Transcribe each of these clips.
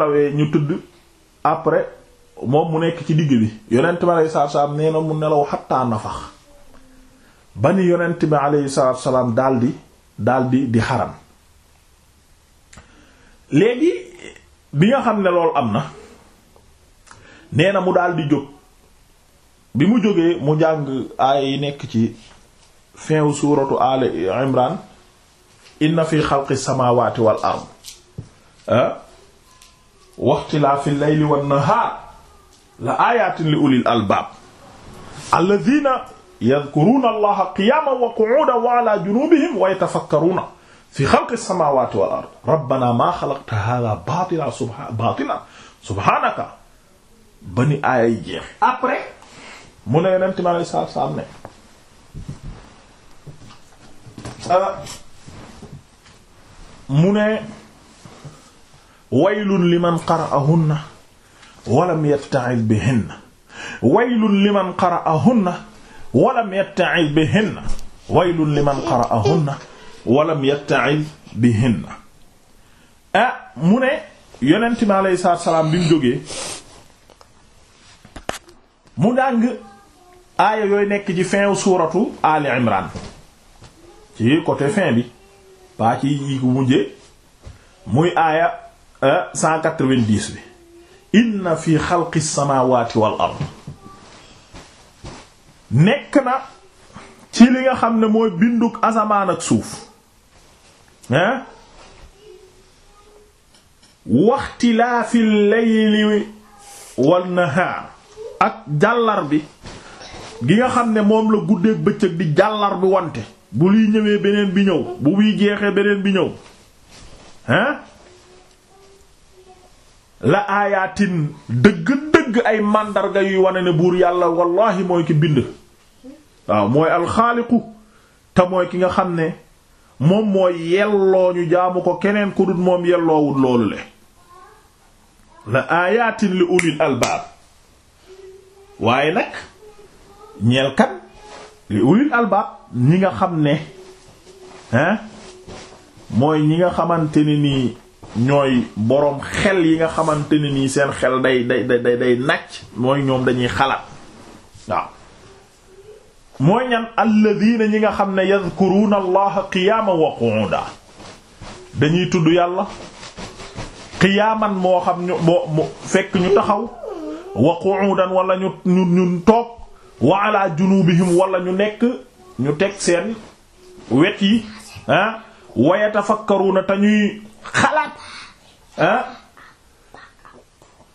nelawee ñu tëdd après moom mu nekk ci digg bi yonent bi alayhi mu nelaw xattaa nafax ba ni yonent bi alayhi salaatu daldi daldi léegi bi nga xam ne lool am na nee na mu daldi jóg bi mu jógee mu jàng aaya yi nekk ci fin wu suuratu Ali Imran inna fi xalqi samaawaati wal ard ah? waxtilaafi layli wan nahaar la aayaatin li ulil albaab alladhiina yadhkuruuna allaha qiyaaman wa qu'uudan wa alaa junuubihim wa yatafakkaruuna fi xalqi samaawaati wal ard rabbanaa maa xalaqta haadaa baatilan subhaanaka subhaanaka ba ni aaya yi jeex après mu ne yonent mi alayhi salaatu salaam ne ah, mu ne waylun liman qara'ahunna walam yatta'iz bihinna waylun liman qara'ahunna walam yatta'iz bihinna waylun liman qara'ahunna walam yatta'iz bihinna ah, mu ne yonent mi alayhi salaatu salaam bi mu jógee aaya yooyu nekk ci fin suuratu Ali Imran ci côté fin bi pas ci yi ko mujjee muy aaya 190 bi inna fi xalqi samawati wal nekk na ci li nga xam ne mooy bindug asamaan ak suuf ah waxtilaafil layli wan nahaar ak jàllar bi gi nga xam ne moom la guddeeg bëccëg di jàllar bi wante bu liy ñëwee beneen bi ñëw bu buy jeexee beneen bi ñëw la aayaatin dëgg-dëgg ay màndarga yuy wane ne buur yàlla wallahi mooy ki bind waaw mooy alxaaliqu te ki nga xam ne moom mooy yelloo ñu jaamu ko keneen ku dut moom yelloowul loolu le la aayaatin li ulil albaab waaye nag ñeel kat li ulil albaab ñi nga xam ne hein mooy ñi nga xamante ne nii ñooy boroom xel yi nga xamante ne nii seen xel day day day day nàcc mooy ñoom dañuy xalaat waaw mooy ñan alladina ñi nga xam ne yadhkuruna allaha qiyaman wa qu'uda dañuy tudd yàlla qiyaman moo xam ñu fekk ñu taxaw wa qu'udan wala ñu ñu ñu toog wa ala junubihim wala ñu nekk ñu teg seen wet yi ah wa te ñuy xalaat ah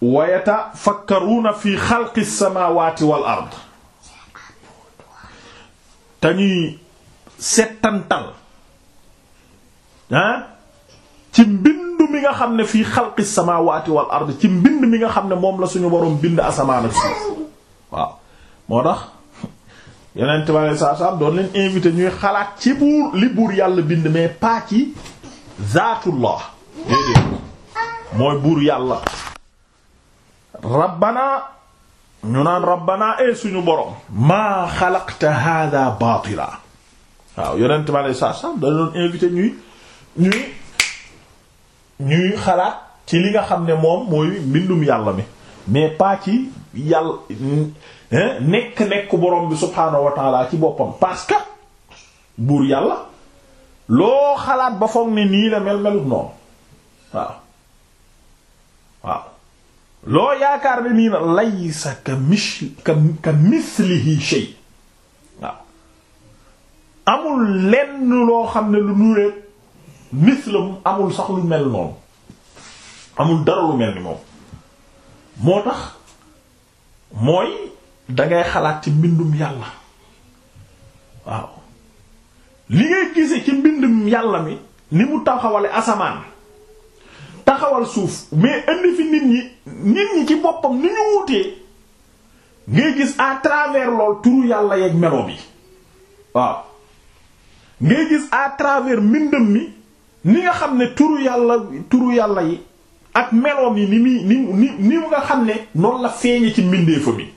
wa yatafakkaruuna fi xalqi lsamawati wal ard te ñuy settantal ah ci mbind mi nga xam ne fii xalqi lsamawati wal ard ci mbind mi nga xam ne moom la suñu boroom bind asamaan ak suuf waaw moo tax yeneen bi alei sat doon leen invité ñuy xalaat ci buur li buur yàlla bind mais pas ci zaatullah déedéet mooy buur yàlla rabbana ñu naan rabbana e suñu borom maa xalaqta hada batila waaw yonent ma lay saa saa da doon invité ñuy ñuy ñuy xalaat ci li nga xam ne moom mooy mbindum yàlla mi mais pas ci yàlla nekk nekk borom bi subhaanahu wa taala ci boppam parce que buur yàlla loo xalaat ba foog ne nii la mel melut noonu waaw waaw loo yaakaar ne nii la laysa ka mis ka ka mislihi shay waaw amul lenn loo xam ne lu nuréet mislam amul sax lu mel noonu amul dara lu mel ni moom moo tax mooy dangay xalaat ci mbindum yàlla waaw li ngay gise ci mbindum yàlla mi ni mu taxawale asamaan taxawal suuf mais indi fi nit ñi ci boppam ni ñu wutee ngay gis à travers lool turu yàlla yeeg melo bi gis à travers mbindam mi ni nga xam ne turu yi ak meloom yi ni muy ni ni ni nga xam ne noonu la feeñe ci mbindeefa mi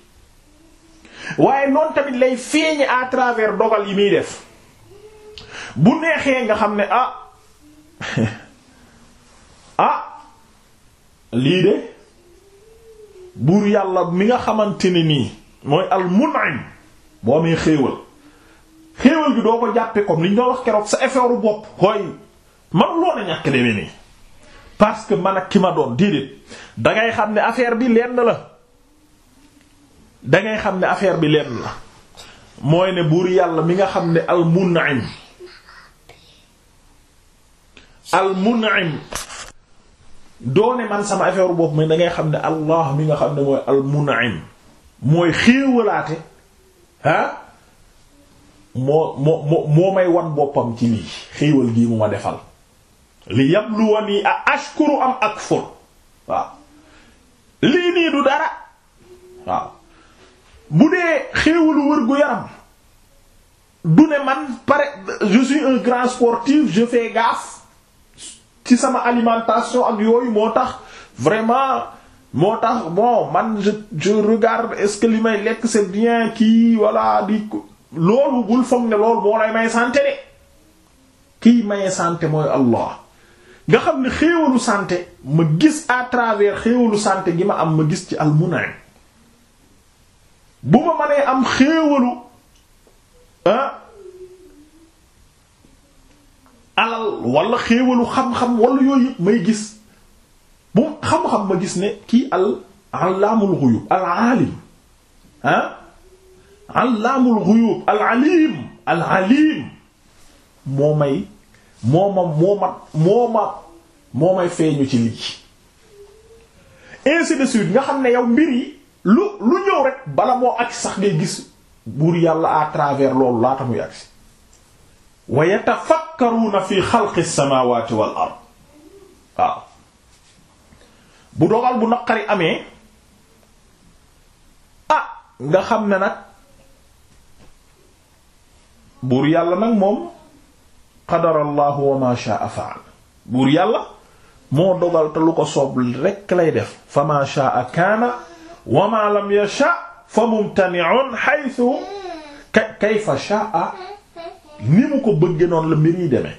waaye noonu tamit lay feeñe à travers dogal yi muy def bu neexee nga xam ne ah ah lii de buur yàlla mi nga xamante ne nii mooy al mun'im boo amee xéewal xéewal bi doo ko jàppee comme li ñu doon wax keroog sa effort bopp hooy man loon a ñàkk demee nii parce que man ak ki ma doon déedéet dangay xam ne affaire bi lenn la dangay xam ne affaire bi lenn la mooy ne buur yàlla mi nga xam ne al al mun'im doone man sama affaire bopp mooy da ngay xam ne allah mi nga xam ne mooy al mun'im mooy xéewalaate ah moo moo moo moo may wan boppam ci lii xéewal gii mu ma defal li yabluwani a ashkuru am akfur waaw lii nii du dara waaw bu dee xéewalu wër gu yaram du ne man pare je suis un grand sportif je fais gaffe ci sama alimentation ak yooyu moo tax vraiment moo tax bon man je je regarde est-ce que li may lekk c'est bien kii voilà di loolu bul foog ne loolu moo lay may santé de kii maye santé mooy Allah nga xam ne xéewalu santé ma gis à travers xéewalu santé gi ma am ma gis ci almunaim bu ma mënee am xéewalu ah alal wala xéewalu xam-xam wala yooyu may gis bu xam-xam ma gis ne kii al allaamul ghuyub al alim ah al alim al alim moo may moo ma moo ma moo ma moo may feeñu ci lii ainsi de suite nga xam ne yow mbir yi lu lu ñëw rek bala moo agsi sax ngay gis buur yàlla à travers loolu laata muy agsi wa yatafa tafakkaruuna fi xalqi samaawaati wal ard waaw bu dogal bu naqari amee ah nga xam ne nag buur yàlla nag moom qadarallahu wa ma sha'a fa'al buur yàlla moo dogal te lu ko soob rekk lay def fa ma sha'a kaana wa ma lam yasha' fa mumtani'un haythu kayfa sha'a ni mu ko bëgge noonu la mbir yi deme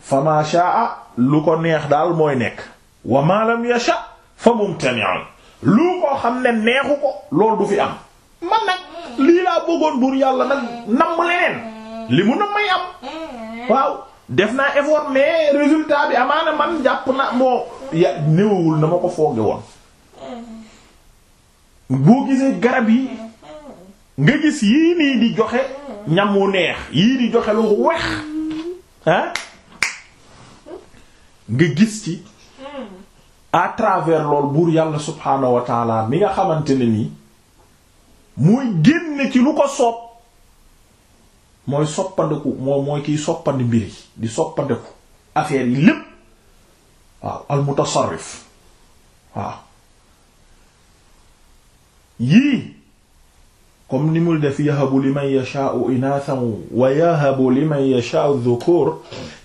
fa ma shaa lu ko neex daal mooy nekk wa ma lam yasha fa mumtani'un lu ko xam ne neexu ko loolu du fi am man nag lii laa bëggoon buur yàlla nag namm leneen li mu nam may am waaw def naa effort mais résultat bi amaana man jàpp na moo ya néewul na ma ko fooge woon nga gis yii nii di joxe ñam wu neex yii di joxe lu wex nga gis ci à travers lool buur yàlla subhaanahu wa taala mi nga xamante ne nii mooy génne ci lu ko soob mooy soppandeku moo mooy kiy soppandi mbir yi di soppandeku affaire yi lépp waaw al waaw yii comme ni mu def yahabu li man yashaa'u inaathan wa yahabu li man yashaa'u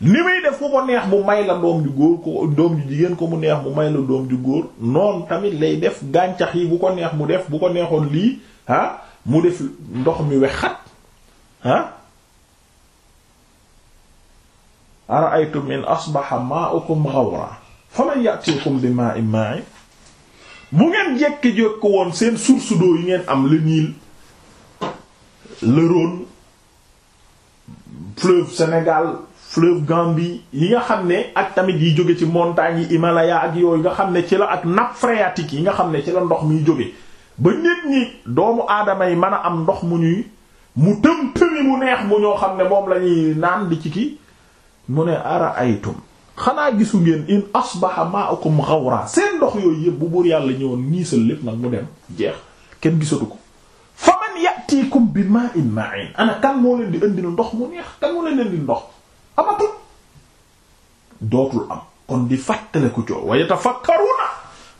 ni muy def ku ko neex mu may la doom ju góor ko doom ju jigéen ko mu neex bu may la doom ju góor noonu tamit lay def gàncax yi bu ko neex bu def bu ko neexoon lii ah mu def ndox mi wexat ah ara'aytum in asbaha maa'ukum ghawran faman ya'tikum bi maa'in maa'in bu ngeen jekki-jekki woon seen source d'eau yi ngeen am le Niil le Rhône fleuve Sénégal fleuve Gambie yi nga xam ne ak tamit yi jóge ci montagnes yi Himalaya ak yooyu nga xam ne ci la ak nappe phréatique yi nga xam ne ci la ndox muy jóge ba nit ñi doomu aadama yi mën a am ndox mu ñuy mu tëm tëmi mu neex mu ñoo xam ne moom lañuy naan di ci ki mu ne ara aytum xanaa gisu ngeen in asbaha ma'ukum ghawra seen ndox yooyu yëpp bu buur yàlla ñëwoon niisal lépp nag mu dem jeex kenn gisatu ko yatikum bi ma'in ma'in ana kan moo leen di indi ndox mu neex kan moo leen di indi ndox amatul dootul am kon di fàttale ku coow wa yatafakkaruna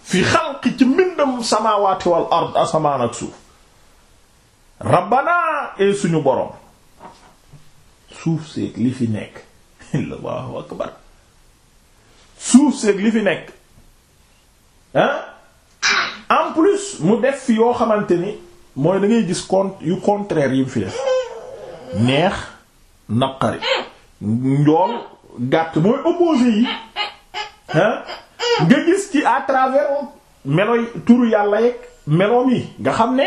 fi xalqi ci mbindam samawati wal ard asamaan ak suuf rabbana e suñu borom suuf seeg li fi nekk suuf seeg li fi nekk ah en plus mu def fi yoo xamante ni mooy da ngay gis con yu contraire yi mu fi def neex naqari njool gàtt mooy opposé yi ah nga gis ci à travers melo turu yàlla yeeg melo yi nga xam ne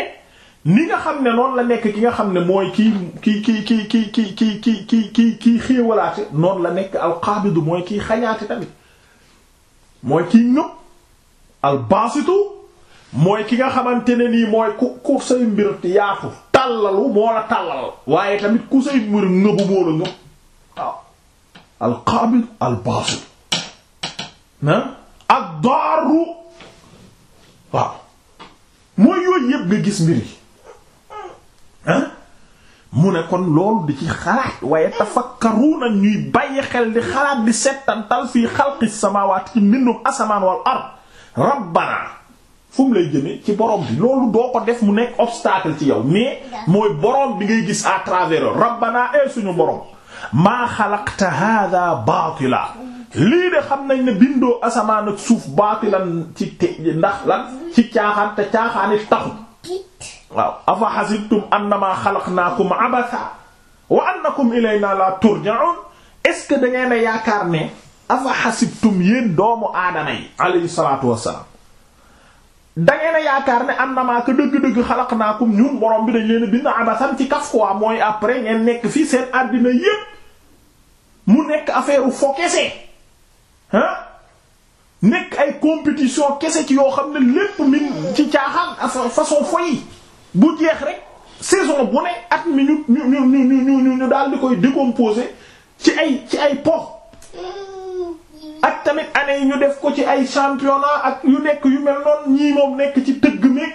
ni nga xam ne noonu la nekk ki nga xam ne mooy kii kii ki kii kii kii kii ki kii kii kii xéewalaate noonu la nekk alxaabidu mooy kii ki tamit mooy kii ñëpp albasitu mooy ki nga xamante ne nii mooy ku ku say mbir yaatu tàllalu moo la tàllal waaye tamit ku say mbir ngëbu moo la ngëb waaw al qaabid al baasit ah ak daaru waaw mooy nga gis mbir yi mu ne kon loolu di ci xalaat waaye tafakkaruuna ñuy bàyyi xel di xalaat di settantal fii xalqi samaawaat ci mbindum asamaan wal ard rabbana fu mu lay jëmee ci borom bi loolu doo ko def mu nekk obstacle ci yow mais mooy boroom bi ngay gis à travers rabbana e suñu borom maa xalaqta hada baatila lii de xam nañ ne bindoo asamaan ak suuf baatilan ci te ndax lan ci caaxaan te caaxaani taxu waaw afa hasibtum annama xalaqnaakum abatha wa annakum ilayna la turja'un est-ce que da a yaakaar ne afa hasibtum yéen doomu aadama yi alayhi salatu wassalam dangeen a yaakaar ne am na maa ko dëgg-dëgg xalaq naa kum ñun borom bi dañ leen bind abasan ci kaf quoi mooy après ngeen nekk fii seen àddina yépp mu nekk affaire fo kese ah nekk ay compétition kese ci yoo xam ne lépp min ci caaxaan façon foyi bu jeex rek saison bu ne at mi ñu ñu ñu ñu ñu ñu daal di koy décomposer ci ay ci ay po ak tamit année yi ñu def ko ci ay championnat ak yu nekk yu mel noonu ñii moom nekk ci tëgg meeg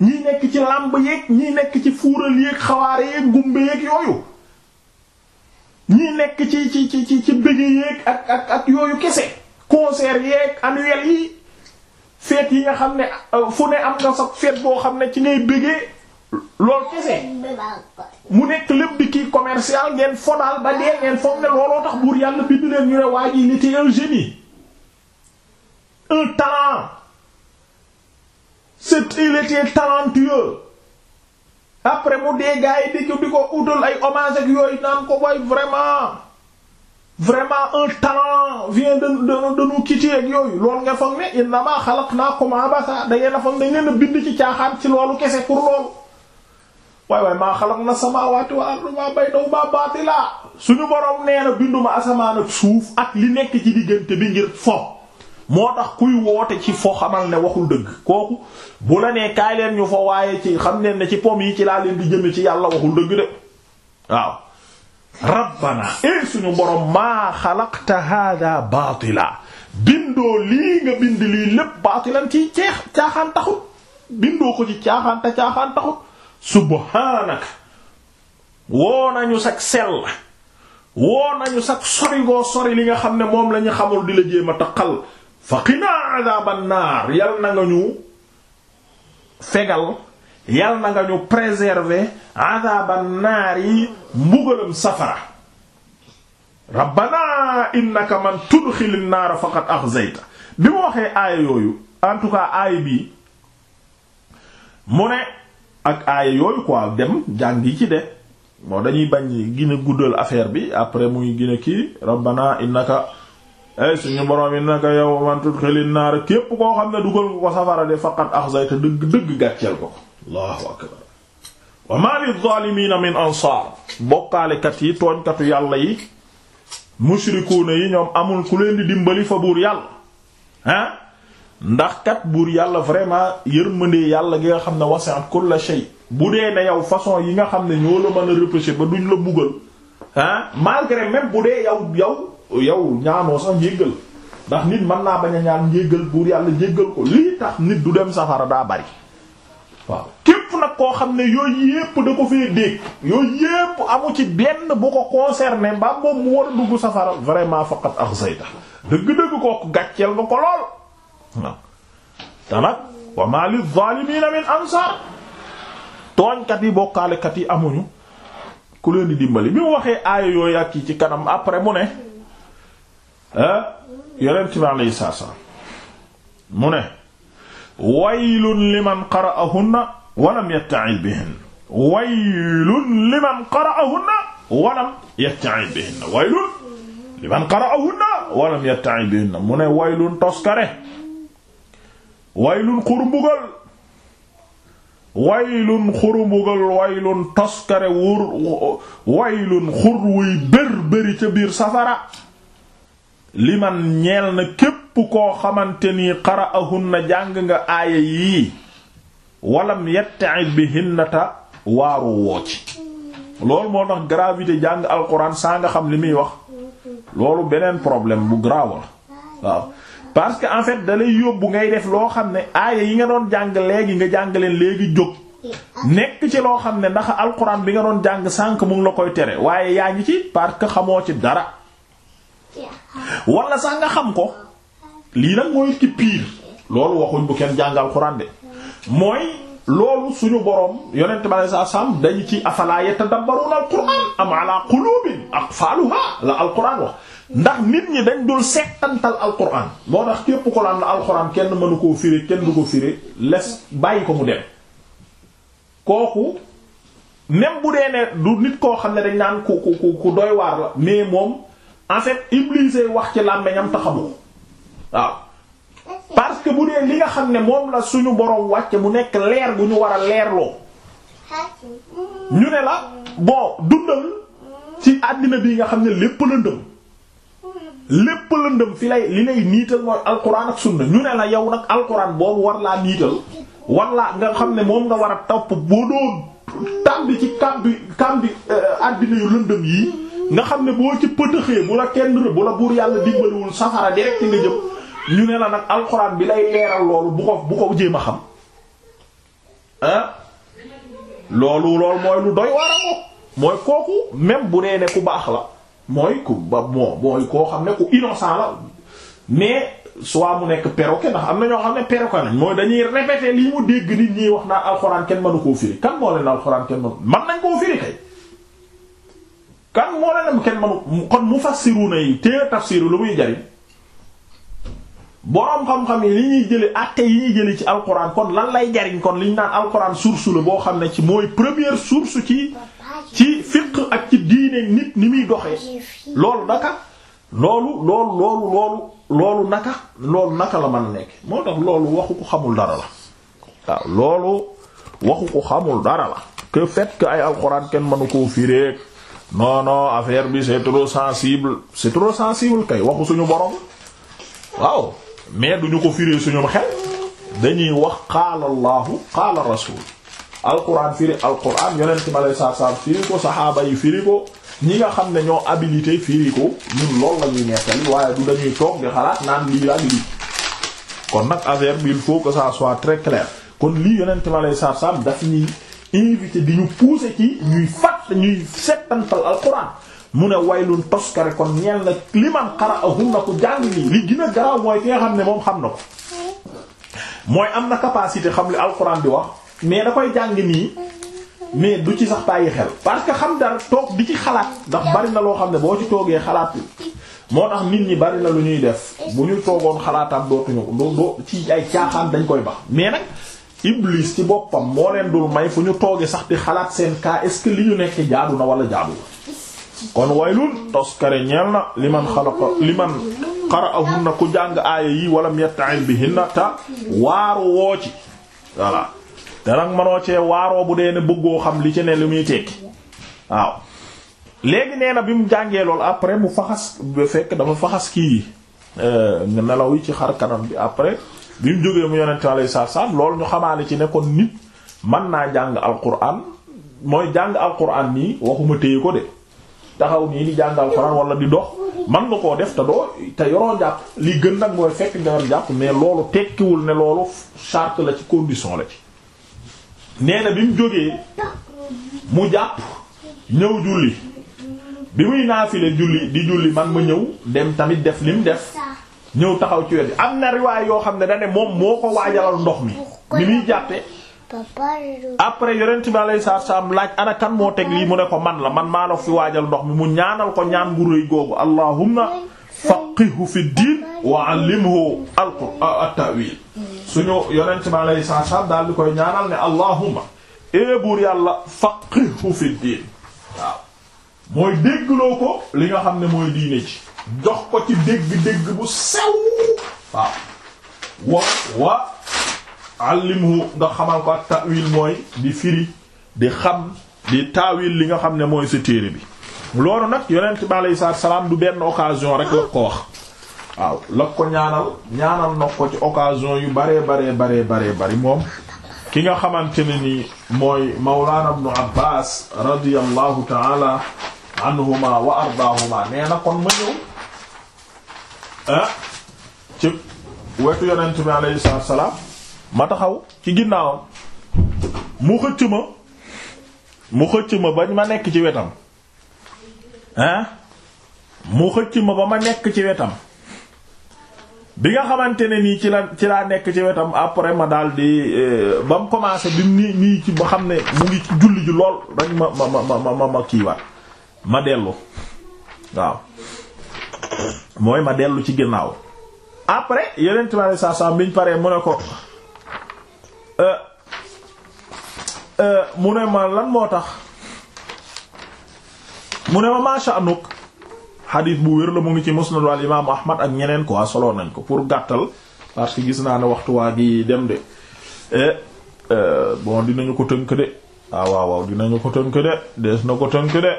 ñii nekk ci làmb yeeg ñii nekk ci fuural yeeg xawaare yeeg gumbe yeeg yooyu ñii nekk ci ci ci ci ci bëgge yeeg ak ak ak yooyu kese concert yeeg annuel yi feet yi nga xam ne euh, fu ne am nga sax fête boo xam ne ci ngay bëggee loolu kese mu nekk lépp di kii commercial ngeen fodaal ba dee ngeen foog ne looloo tax buur yàlla bind leen ñu ne waa ji il était un génie un talent c'est il était talentueux après mu dee gars yi di ko di ko utal ay hommage ak yooyu naan ko boy vraiment vraiment un talent vient de de de nous quitter ak yooyu loolu nga foog ne innamaa xalaqnaakum abasa da ngeen a foog ne ngeen a bind ci caaxaan ci loolu kese pour loolu. waay waay maa xalaq na samaawaati wa ardu maa baynahuma baatila suñu borom nee na binduma asamaan ak suuf ak li nekk ci diggante bi ngir fo moo tax kuy woote ci foo xamal ne waxul dëgg kooku bu la nee leen ñu fo waaye ci xam ne ne ci pom yi ci laa leen di jëme ci yàlla waxul dëgg de waaw rabbana e suñu borom maa xalaqta hada baatila bindoo lii nga bind lii lépp baatilan ci ceex caaxaan taxut bindoo ko ci caaxaan taxut subhaanaka woo nañu sag sell woo nañu sag sori goo sori li nga xam ne moom lañu xamul di la jéem a taqal faqinaa adaaban naar yal na nga ñu fegal yal na nga ñu préserver adaaban naar yi mbugalam safara rabbana innaka man tudxilin naara faqad axzayta bi mu waxee aaya yooyu en tout bii mu ne ak aaya yooyu quoi dem jàngi ci de moo dañuy bañ gën a guddal affaire bi après muy gën kii rabbana innaka ay eh, suñu borom innaka yawman tudkhilin naar képp koo xam ne dugal ko ko safara de faqat akhzayta dëgg dëgg gàcceel ko allahu ma lil zaalimiina min ansaar bokkaalekat yi amul ku leen di dimbali fa buur yàlla ah ndax kat buur yàlla vraiment yërmande yàlla gi nga xam ne wasi'at la shay bu dee ne yow façon yi nga xam ne ñoo la mën a repêcher ba duñ la buggal ah malgré même bu dee yow yow yow ñaanoo sax njéggal ndax nit mën naa bañ a ñaan njéggal buur yàlla njéggal ko lii tax nit du dem safara daa bari waaw képp nag koo xam ne yooyu yépp da ko fee dégg yooyu yépp amu ci benn bu ko concerné ba moom mu war a dugg safara vraiment faqat akhzayta dëgg-dëgg kooku gàcceel waaw te wa ma lil zaalimiina min ansaar tooñkat yi bokkaalekat yi amuñu ku leen di dimbali bi mu waxee aaya yooyu yi ci kanam après mu ne ah, yonent bi alayhi salaam mu ne waylun liman qara'ahunna walam yatta'il bihin waylun liman qara'ahunna walam yatta'il bihin waylun liman qara'ahunna walam yatta'il bihin mu ne waylun toskare waylun xurumbugal waylun xurumbugal waylun toskare wur waylun xur wuy ca biir safara liman ñeel na képp koo xamante ni na jàng nga aaya yii walam yatta'id bihinnata waaru woo ci loolu moo tax gravité jàng alxuraan saa nga xam li muy wax loolu beneen problème bu grave parce que en fait dalay yóbbu ngay def loo xam ne aaya yi nga doon jàng léegi nga jàng leen léegi jóg nekk ci loo xam ne ndax alxuraan bi nga doon jàng sànq mu la koy tere waaye yaa ngi ci parce que xamoo ci dara wala sax nga xam ko lii nag mooy ci loolu waxuñ bu kenn jàng alxuraan de mooy loolu suñu boroom yonent bi sallallahu alayhi wasallam dañu ci afala yatadabbaruna alxuraan am ala qulubin aqfaluha la alxuraan wax ndax nit ñi dañ dul settantal alquran moo tax képp ko laan la alquran kenn mënu koo firi kenn du ko firi les bàyyi ko mu dem kooku même bu dee ne du nit koo xam ne dañ naan ku ku ku doy waar la mais moom en fait Iblis wax ci làmmeñam taxamu waaw parce que bu dee li nga xam ne moom la suñu borom wàcce mu nekk leer bu ñu war a leerloo ñu ne la bon dundal ci àddina bi nga xam ne lépp lëndëm lépp lëndëm fi lay li lay niital mooy alquran ak sunna ñu ne la yow nag alquran boobu war laa niital war laa nga xam ne moom nga war a topp boo doo tàmbi ci kàmbi kàmbi euh, àddina yu lëndëm yii nga xam ne boo ci pëtëxee bu la kenn bu la buur yàlla dimbaliwul safara direct nga jëm ñu ne la nag alquran bi lay leeral loolu bu ko bu ko jéem a xam loolu loolu mooy lu doy war a ko mooy kooku même bu dee ne ku baax la mooy ku ba bon mooy koo xam ne ku innocent la mais soit mu nekk perroquet ndax am na ñoo xam ne perroquet nañ mooy dañuy répéter li mu dégg nit ñi wax naan alxuraan kenn mënu koo firi kan moo leen alxuraan kenn mënu man nañ koo firi kay kan moo leen kenn mënu kon mufassiruna yi téye tafsiru lu muy jariñ boroom xam-xam yi li ñuy jële àtte yi ñuy jële ci alxuraan kon lan lay jariñ kon li ñu naan alxuraan source la boo xam ne ci mooy première source ci ci fiqh ak ci diine nit ni muy doxee loolu naka loolu loolu loolu loolu loolu naka loolu naka la mën nekk moo tax loolu waxu ko xamul dara la waaw loolu waxu xamul dara la que fait ay alxuraan kenn mënu koo firéeg non non affaire bi c'est trop sensible c'est trop sensible kay waxu suñu borom waaw mais duñu ko firee suñu xel dañuy wax qaala allahu qaala rasul alquran firi alquran yonent ma lay saabsaab firi ko saxaaba yi firi ko ñi nga xam ne ñoo habilité firi ko ñun loolu la ñuy nettali waaye du dañuy toog di xalaat naan lii ak lii kon nag affaire bi il faut que ça soit très clair kon lii yonent ma lay saabsaab daf ñuy invité di ñu pousser ci ñuy fàtt ñuy settantal alquran. mu ne waylun toskare kon ñeel na liman qara'ahum na ko jàng nii li gën a garaaw mooy ki nga xam ne moom xam na ko mooy am na capacité xam li alquran di wax. mais da koy jàng nii mais du ci sax bàyyi xel parce que xam dara toog di ci xalaat ndax bari na loo xam ne boo ci toogee xalaat moo tax nit ñi bari na lu ñuy def bu ñu toogoon xalaataat dootuñu doo doo ci ay caaxaan dañ koy bax mais nag iblis ci boppam moo leen dul may fu ñu toogee sax di xalaat seen cas est li ñu nekk jaadu na wala jaadu kon waylun toskare ñeel na li man xalaqa li man qara'ahunna ku jàng aaya yi walam yatta'in bihinna ta waaru woo ci voilà darag manoo cee waaroo bu dee ne bëggoo xam li ci ne li muy tekki waaw léegi nee na bi mu jàngee loolu après bu faxas bu fekk dafa faxas kii yi euh, nelaw yi ci xar kanam bi après bi mu jógee mu yonente alayhi salaam loolu ñu xamaale ci ne kon nit mën naa jàng alquran mooy jàng alquran nii waxuma téye ko de taxaw nii di jàng alquran wala di dox man nga koo def te doo te yoroo jàpp li gën nag mooy fekk nga jàpp mais loolu tekkiwul ne loolu charte la ci condition la ci nee na bi mu jógee mu jàpp ñëw julli bi muy naafile julli di julli man ma ñëw dem tamit def lim def ñëw taxaw ci wet am na riwaay yoo xam ne da moom moo ko waajalal ndox mi ni muy jàppe après yonent bi alayhi salaatu salaam laaj ana moo teg lii mu ne ko man la man maa fi waajal ndox mi mu ñaanal ko ñaan gu rëy googu allahumma faqihu fi diin wa allimhu al-qur'aan at-ta'wiil suñu yonent bi alayhi salaam daal di koy ñaanal ne allahumma ee eh buur yàlla faqihu fi mooy déggloo ko li nga xam ne mooy diine ci jox ko ci dégg-dégg bu sew waaw wa wa allimhu nga xamal ko ak ta'wil mooy di firi di xam di taawil li nga xam ne mooy sa téere bi loolu nag yonent bi alayhi salaatu salaam du benn occasion rekk la ko wax waaw la ko ñaanal ñaanal na ko ci occasion yu baree baree baree baree bari moom ki nga xamante ne ni mooy Mawlana ibn Abbas radiyallahu taala anhuma wa ardaahuma nee na kon ma ñëw ah ci wetu yonent bi alayhi salaatu ma taxaw ci ginnaawam mu xëcc ma mu xëcc ma ba ma nekk ci wetam ah mu xëcc ma ba ma nekk ci wetam bi nga xamante ne nii ci la ci laa nekk ci wetam après ma daal di euh, ba mu commencé bi nii nii ci ba xam ne mu ngi julli ji lool rek ma ma ma ma ma ma kiiwaat ma dellu waaw mooy ma dellu ci ginnaaw après yeneen ti tamit saa saa biñ paree mu ne ko euh, euh, mu ne ma lan moo tax mu ne ma macha anuk xadiis bu wér la mu ngi ci musnadu al imaamu ahmad ak ñeneen quoi solo nañ ko pour gàttal parce que gis naa ne waxtu waa gi dem de eh, eh, bon dinañu ko tënk de waaw ah, waaw waaw dinañu ko tënk de dees na ko tënk de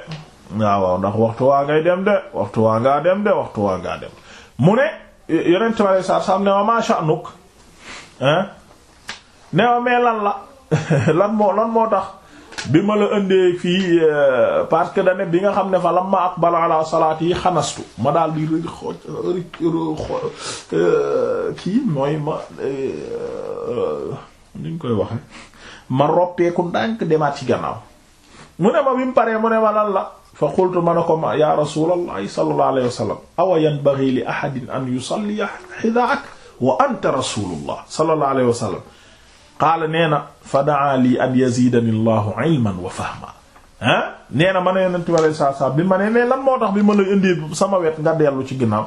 waaw ah, waaw ndax waxtu waa ngay dem de waxtu waa ngaa dem de ngaa dem mu ne yeneen tamale saa saam ne ma macha nuk lan la lan moo lan moo tax. bi ma la indee fii euh, parce que dane bi nga xam ne fa lamma aqbala ala salaati yi xanastu ma daal di euh, kii mooy ma euh, nuñ koy waxe ma roppeeku ndànk demaat ci gannaaw mu ne ma bi mu mu ne ma lan la fa qultu ma ne ko ma ya rasulallahi sallallahu alayhi wa sallam awa yanbaghi li ahadin an yusalli xidaak wa anta rasulullah sallallahu alayhi wa qaala nee na fa daa lii an yazidani llahu ilman wa fahma ah nee na ma ne yonent bi alei saatu salaam bi ma ne lan moo tax bi ma la indi sama wet nga dellu ci ginnaaw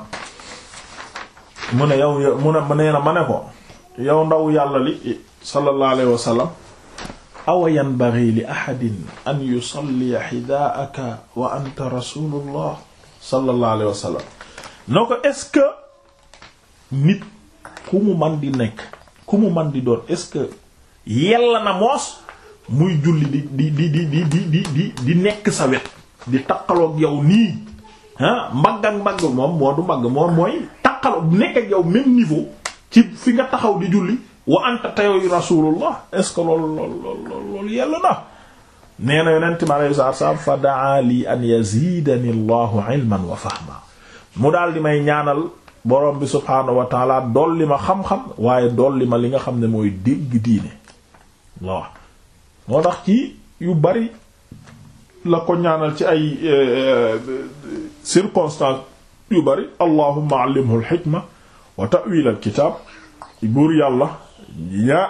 mu ne yow mu ne nee na ma ne ko yow ndaw yàlla li sallallahu alayhi wa sallam awa yanbaghi li ahadin an yusalliya xidaaka wa anta rasulullah sallallahu alayhi wa sallam no ko est-ce que nit ku mu man di nekk ku mu man di doon est-ce que yella na moos muy julli di di di di di di di di nekk sa wet di taqaloog yow nii ah mbagg ak moom moo du mbagg moom mooy taqaloog nekk ak yow même niveau ci fi nga taxaw di julli wa anta tayoyu rasulullah est ce que loolu lool lool loolu na nee na yonent mi aleyhi salaatu fa daa lii an yazidani allahu ilman wa fahma mu daal di may ñaanal borom bi subhaanahu wa taala dolli ma xam-xam waaye dolli ma li nga xam ne mooy dégg diine waaw moo tax ci yu bari la ko ñaanal ci ay eh, eh, circonstances yu bari allahumma allimhu alxikma wa ta'wil alkitaab buur yàlla ñaa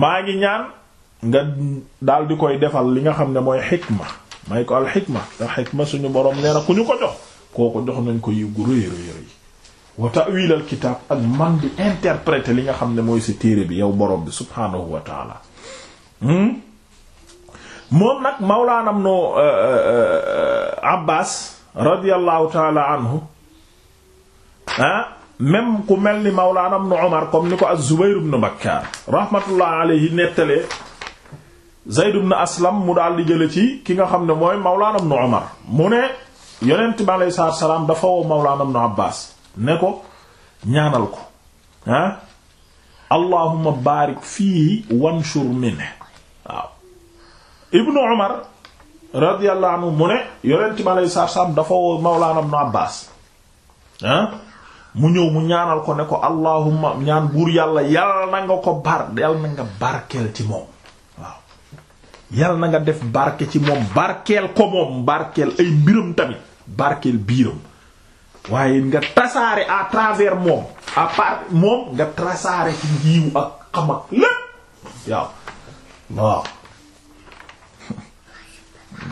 maa ngi ñaan nga daal di koy defal li nga xam ne mooy xikma may ko alxikma te xikma suñu boroom nee na ku ñu ko jox kooko jox nañ ko yiw gu rëy rëy rëy wa ta'wil alkitaab ak man di interpréter li nga xam ne mooy si téere bi yow boroom bi subhaanahu wa taala Hmm? moom nag mawlaanam noo eh, eh, eh, Abbas radiyallahu taala anhu ah ku mel ni mawlaanam nu Omar comme ni ko az-Zubayr ibn Bakkar rahmatullah alayhi nettalee Zayd ibn Aslam mu daal di jële ci ki nga xam ne mooy mawlaanam nu Omar mu ne yonent bi alayhi salaatu salaam dafa woo mawlaanam nu Abbas ne ko ñaanal ko ah baarik fiihi wanshur minhu ibnu Umar radiyallahu anhu mu ne yonent mi alayhi salaatu salaam dafa woo Mawlaana Abbaas ah, mu ñëw mu ñaanal ko ne ko allahumma ñaan buur yàlla yàlla na nga ko bar yàlla na nga barkeel ci moom na nga def barke ci moom barkeel ko moom barkeel ay mbiram tamit barkeel biiram waaye nga tasaare à travers moom à part moom nga tasaare ci njiiw ak xam ak lépp waaw waaw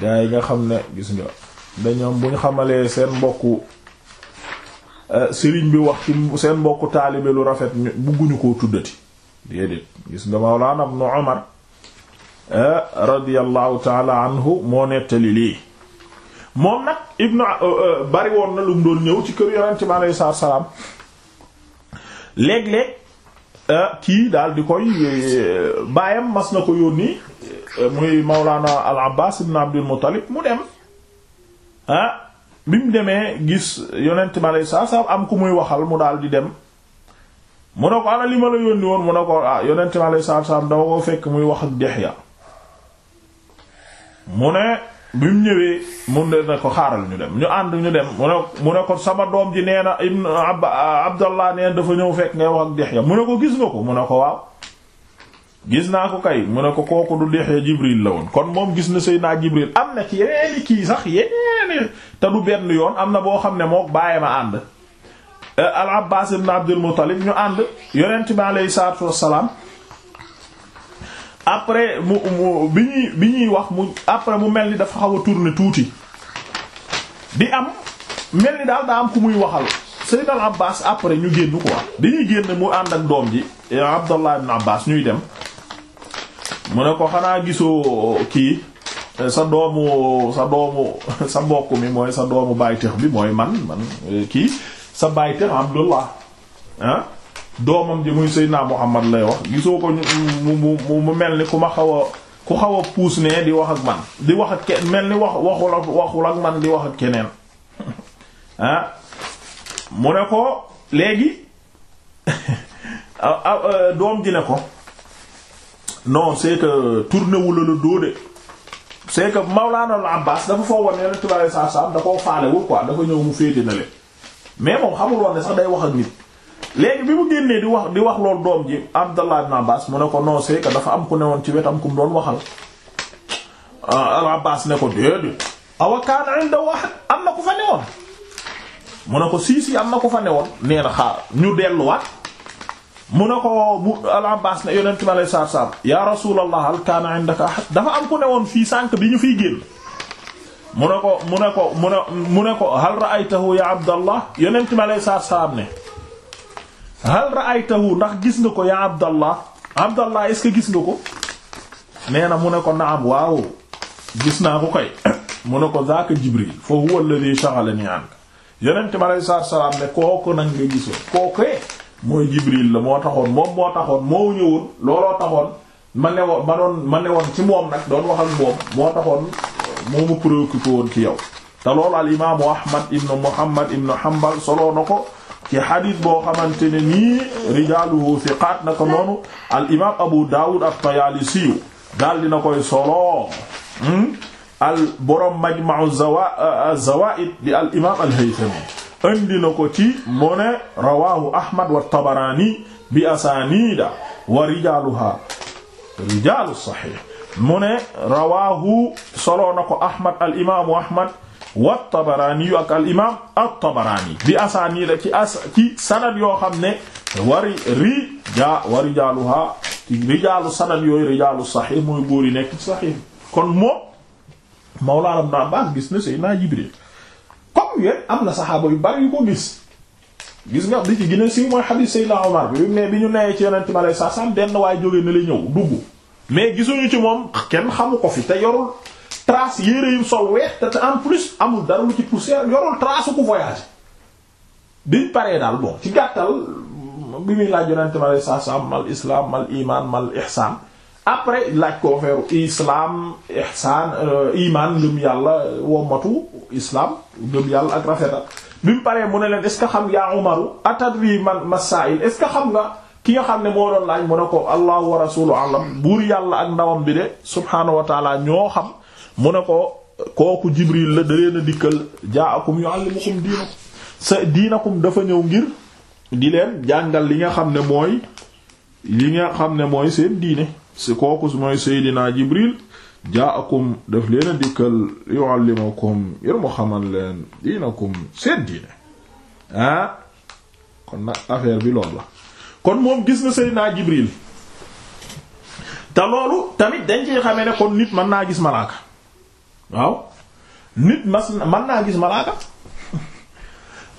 gaa yi nga xam ne gis nga dañoom bu ñu xamalee seen mbokku euh, sëriñ bi wax ci seen mbokk taalibe lu rafet bugguñu koo tuddati déedéet gis nga Mawlana Ibn Umar euh, radiyallahu taala anhu moo nettali lii moom nag ibnu euh, bari na lu mu doon ñëw ci kër yonente bi aleyhi salaatu salaam léeg-léeg kii daal di koy baayam mas na ko yónni muy Mawlana al Abbas ibn Abdul Muttalib mu dem ah, bi mu demee gis yonent ma lay saa saa am ku muy waxal mu daal di dem mu ne ko ana li ma la yónni woon mu ne ko ah yonent ma lay saa dama ko fekk muy wax ak Dihya mu ne bi mu ñëwee mu ne na ko xaaral ñu dem ñu ànd ñu dem mu ne mu ne ko sama doom ji nee na ibn Abdallah nee dafa ñëw fekk ngay wax ak Dihya mu ne ko gis nga ko mu ne ko waaw. gis naa ko kay mu ne ko kooku du Dihya Jibril la woon kon moom gis na Seydina Jibril am na ci yeneeni kii sax yeneeni te du benn yoon am na boo xam ne mook bàyyema ànd eh, al Abbaas ibn Abdul Muttalib ñu ànd yonent bi alayhi salaatu wassalaam après mu mu bi ñuy bi ñuy wax mu après mu mel ni dafa xaw a tourner tuuti di am mel ni daal daa am ku muy waxal Seydina al Abbaas après ñu génn quoi dañuy génn mu ànd ak doom ji eh, Abdallah ibn Abbaas ñuy dem mu ne ko xanaa gisoo kii sa doomu sa doomu sa mbokk mi mooy sa doomu bàytex bi mooy man man eh, kii sa bàytex Abdullah ah, doomam ji muy sëy Seydina Muhammad lay wax gisoo ko mu mu mu mel ni ku ma xaw a ku xaw a puus ne di wax ak man di wax ak mel ni wax waxul ak man di wax keneen ah mu ne ko léegi doom ji ne ko non c'est que tourné wu la la doode c'est que Mawlana Abbas dafa foo woon yeneen tubaab yi saabsaab da koo faalewul quoi ñëw mu féete mais moom xamul woon sax day wax ak léegi bi mu génnee di wax di wax loolu doom ji Abdallah ibn Abbas mu ne ko non dafa am ku ne woon ci wetam ku mu doon waxal ah, ne ko déedéet. awa kaana inda wax na fa newoon mu ne ko sii am na ku fa newoon nee na xaar ñu delluwaat. mu ne ko bu al Abbaas ne yonent ma lay saar saar yaa rasuulallah hal kaana indaka ahad dafa am ku ne woon fii sànq bi ñu fiy génn mu ne ko mu ne ko mu ne mu ne ko hal ra'aytahu ya abdallah yonent ma lay saar saar ne hal ra'aytahu ndax gis nga ko ya abdallah abdallah est-ce que gis nga ko nee na mu ne ko naam waaw gis naa ko kay mu ne ko zaaka jibril fa huwa alladhi shaghalani anka yonent ma lay saar saar ne kooku nga gisoo kookee mooy Jibril la moo taxoon moom moo taxoon moo ñëwoon looloo taxoon ma ne woon ma doon ci moom nag doon wax ak moom moo taxoon moo ma préoccupé woon ci yow te loolu al imaamu Ahmad ibnu Muhammad ibnu Hanbal solo na ko ci boo xamante ne nii rijaaluhu thiqaat naka noonu al imaam Abu Dawud at-Tayaalisi daal dina koy soloo hmm? al borom Majma'u az-Zawaa'id di al imaam al-Haythami indi na ko ci mu ne rawahu ahmad wa tabarani bi asanida wa rijaluha rijalu sahih mu ne rawahu na ko ahmad al imamu ahmad wa tabarani ak al imam bi asanida ci sanad yoo xam ne wari rija wa rijaluha sanad yooyu rijalu sahih mooy góor nekk ci sahih kon moom mawlaana ibn abbas gis na sayyidina jibril moom am na saxaaba yu bari yu ko gis gis nga bi ci gën a siiw mooy xadiis Seydina Omar bi ne bi ñu nee ci yonent ma lay sax sam benn waaye jógee na la ñëw dugg mais gisuñu ci moom kenn xamu ko fi te yorul trace yére yu sol weex te en plus amul dara lu ci poussière yorul trace ku voyage biñ paree daal bon ci gàttal bi muy laaj yonent ma lay sax sam mal islam mal iman mal ihsan après laaj ko feeru islam ihsan euh, iman ngëm yàlla wommatu islam ngëm yàlla ak rafetal bi mu paree mu ne leen est ce que xam yaa umaru atadri man masail ce que xam nga ki nga xam ne moo doon laaj mu ne ko allahu wa rasulu alam buur yàlla ak ndawam bi de subhaanahu wa ñoo xam mu ne ko kooku jibril la da leen a dikkal jaakum yuallimukum diinakum sa diinakum dafa ñëw ngir di leen jàngal li nga xam ne mooy li nga xam ne mooy seen diine si kooku mooy Seydina Jibril jaakum daf leen dikkal yuallimukum yër mu xamal leen diinakum seen diine ah kon nag affaire bi loolu la kon moom gis na Seydina Jibril te loolu tamit dañ ci xamee ne kon nit mën naa gis malaaka waaw nit mas mën naa gis malaaka